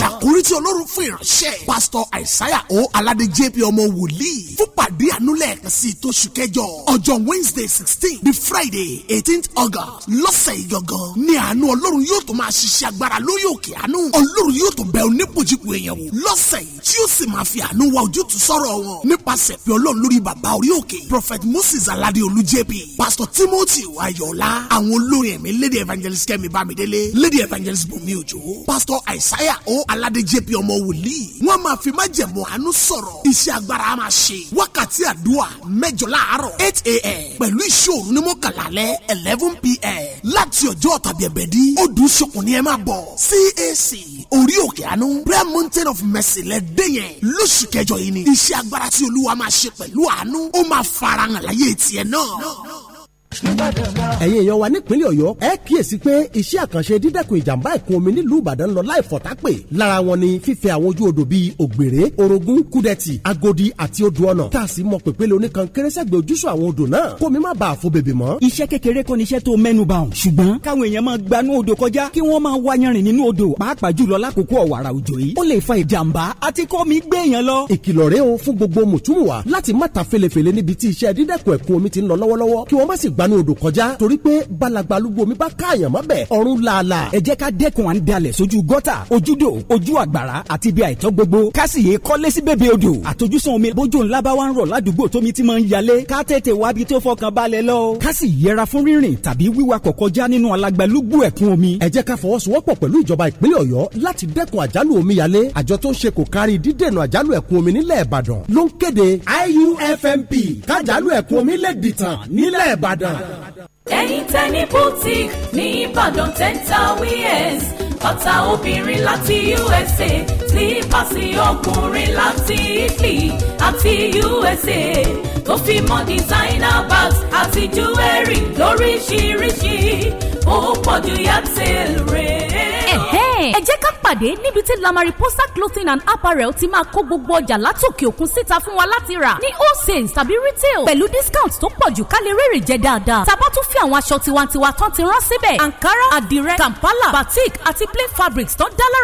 làkúrí tí Ọlọ́run fún ìránṣẹ́ Pastor àìsáyà o aládé jp ọmọ wòlíì fún pàdé ànúlẹ̀ kan sí tóṣù kẹjọ ọjọ́ wednesday sixteen di friday eighteenth august lọ́sẹ̀ ìgangan ní àánú Ọlọ́run yóò tó máa ṣiṣẹ́ agbára lórí òkè àánú Ọlọ́run yóò tó bẹ onípojípo èèyàn wò lọ́sẹ̀ yìí tí ó sì máa fi àánú wa ojútùú sọ̀rọ̀ wọn nípasẹ̀ pé Ọlọ́run lórí bàbá orí òkè prophet moses aládé olú jp pastor timothy ayọ̀ọ́lá àwọn olórin ẹ̀mí lady evangelist kẹ́mi bámidélé lady evangelist bùnmi òjò pastor àìsáyà o o aládé jp ọmọ wòlíì wọ́n máa fi májẹ̀mú àánú sọ̀rọ̀ iṣẹ́ agbára a máa ṣe wákàtí àdúrà mẹ́jọ láàárọ̀ eight a.m. pẹ̀lú ìṣòro ní mọ́kànlá alẹ́ eleven p.m. láti ọjọ́ tàbí ẹ̀bẹ̀ dí odù sọkùn ni ẹ máa bọ̀ cac orí òkè àánú prayer mountain of mercy lẹ́dẹ̀ yẹn lóṣù kẹjọ yìí ni iṣẹ́ agbára tí olúwa máa ṣe pẹ̀lú àánú ó máa farahàn láyé tiẹ̀ náà ẹ̀yin èèyàn wa nípínlẹ̀ ọ̀yọ́ ẹ kíyèsí pé iṣẹ́ àkànṣe dídẹ́kun ìjàmbá ìkún omi nílùú ìbàdàn lọ láì fọ̀tápè lára wọn ni fífẹ́ àwọn ojú odò bíi ògbèrè orogún kúdẹ̀tì agodi àti odò ọ̀nà tá a sì mọ pèpele oníkan kérésẹ́gbẹ̀ ojúṣọ àwọn odò náà kó mi má bàa fo bèbè mọ́. iṣẹ́ kékeré kọ́ ni iṣẹ́ tó mẹ́nu bà ọ̀hún ṣùgbọ́n káwọn èèyàn máa gbanú odò kọjá kí wọ́n máa wá yanrìn nínú o fún gbogbo mùtúmùwà láti má ta felefele níbi tí iṣẹ́ dídẹ́kun ẹ̀kún omi ti ń lọ lọ́wọ́lọ́wọ́ gbanú odò kọjá torí pé balagba alúgbó omi bá káàyàn mọ́bẹ̀ ọ̀run làálàá. ẹ jẹ́ ká dẹ́kun à ń dalẹ̀ sójú gọ́tà ojúdò ojú àgbàrá àti ibi àìtọ́ gbogbo kásìyè kọ́lé sí bèbè odò àtojúsùn omi bójú ńlá bá wà ń rọ̀ ládùúgbò tómi ti máa ń yalé ká tètè wábi tó fọkàn balẹ̀ lọ. ká sì yẹra fún rírìn tàbí wíwakọ̀ kọjá nínú alagbalúgbú ẹ̀kún omi. ẹ jẹ́ ká fọwọ́sowọ́pọ̀ pẹ̀lú ìjọba ìpínlẹ̀ ọ̀yọ́ láti dẹ́kun àjálù omíyalé àjọ tó ń IUFMP kájálù ẹ̀kún omi lè dìtàn nílẹ̀ ẹ̀yin tẹ́ ní boutique ní ìbàdàn dental wears bàtà obìnrin láti usa sípàsì ọkùnrin láti italy àti usa tó fi mọ́ designer bags àti jewelry lóríṣiríṣi ó pọ̀jù yàtẹ̀ rẹ̀ ẹ jẹ́ ká pàdé níbi tí Lamariposa clothing and apparel ti máa kó gbogbo ọjà látòkè òkun síta fún wa láti rà ní wholesale tàbí retail pẹ̀lú discount tó pọ̀ jù ká lè rèrè jẹ dáadáa tá a bá tún fi àwọn aṣọ tiwantiwa tán ti rán síbẹ̀ ankara àdìrẹ kampala batik àti plain fabrics tán dá lára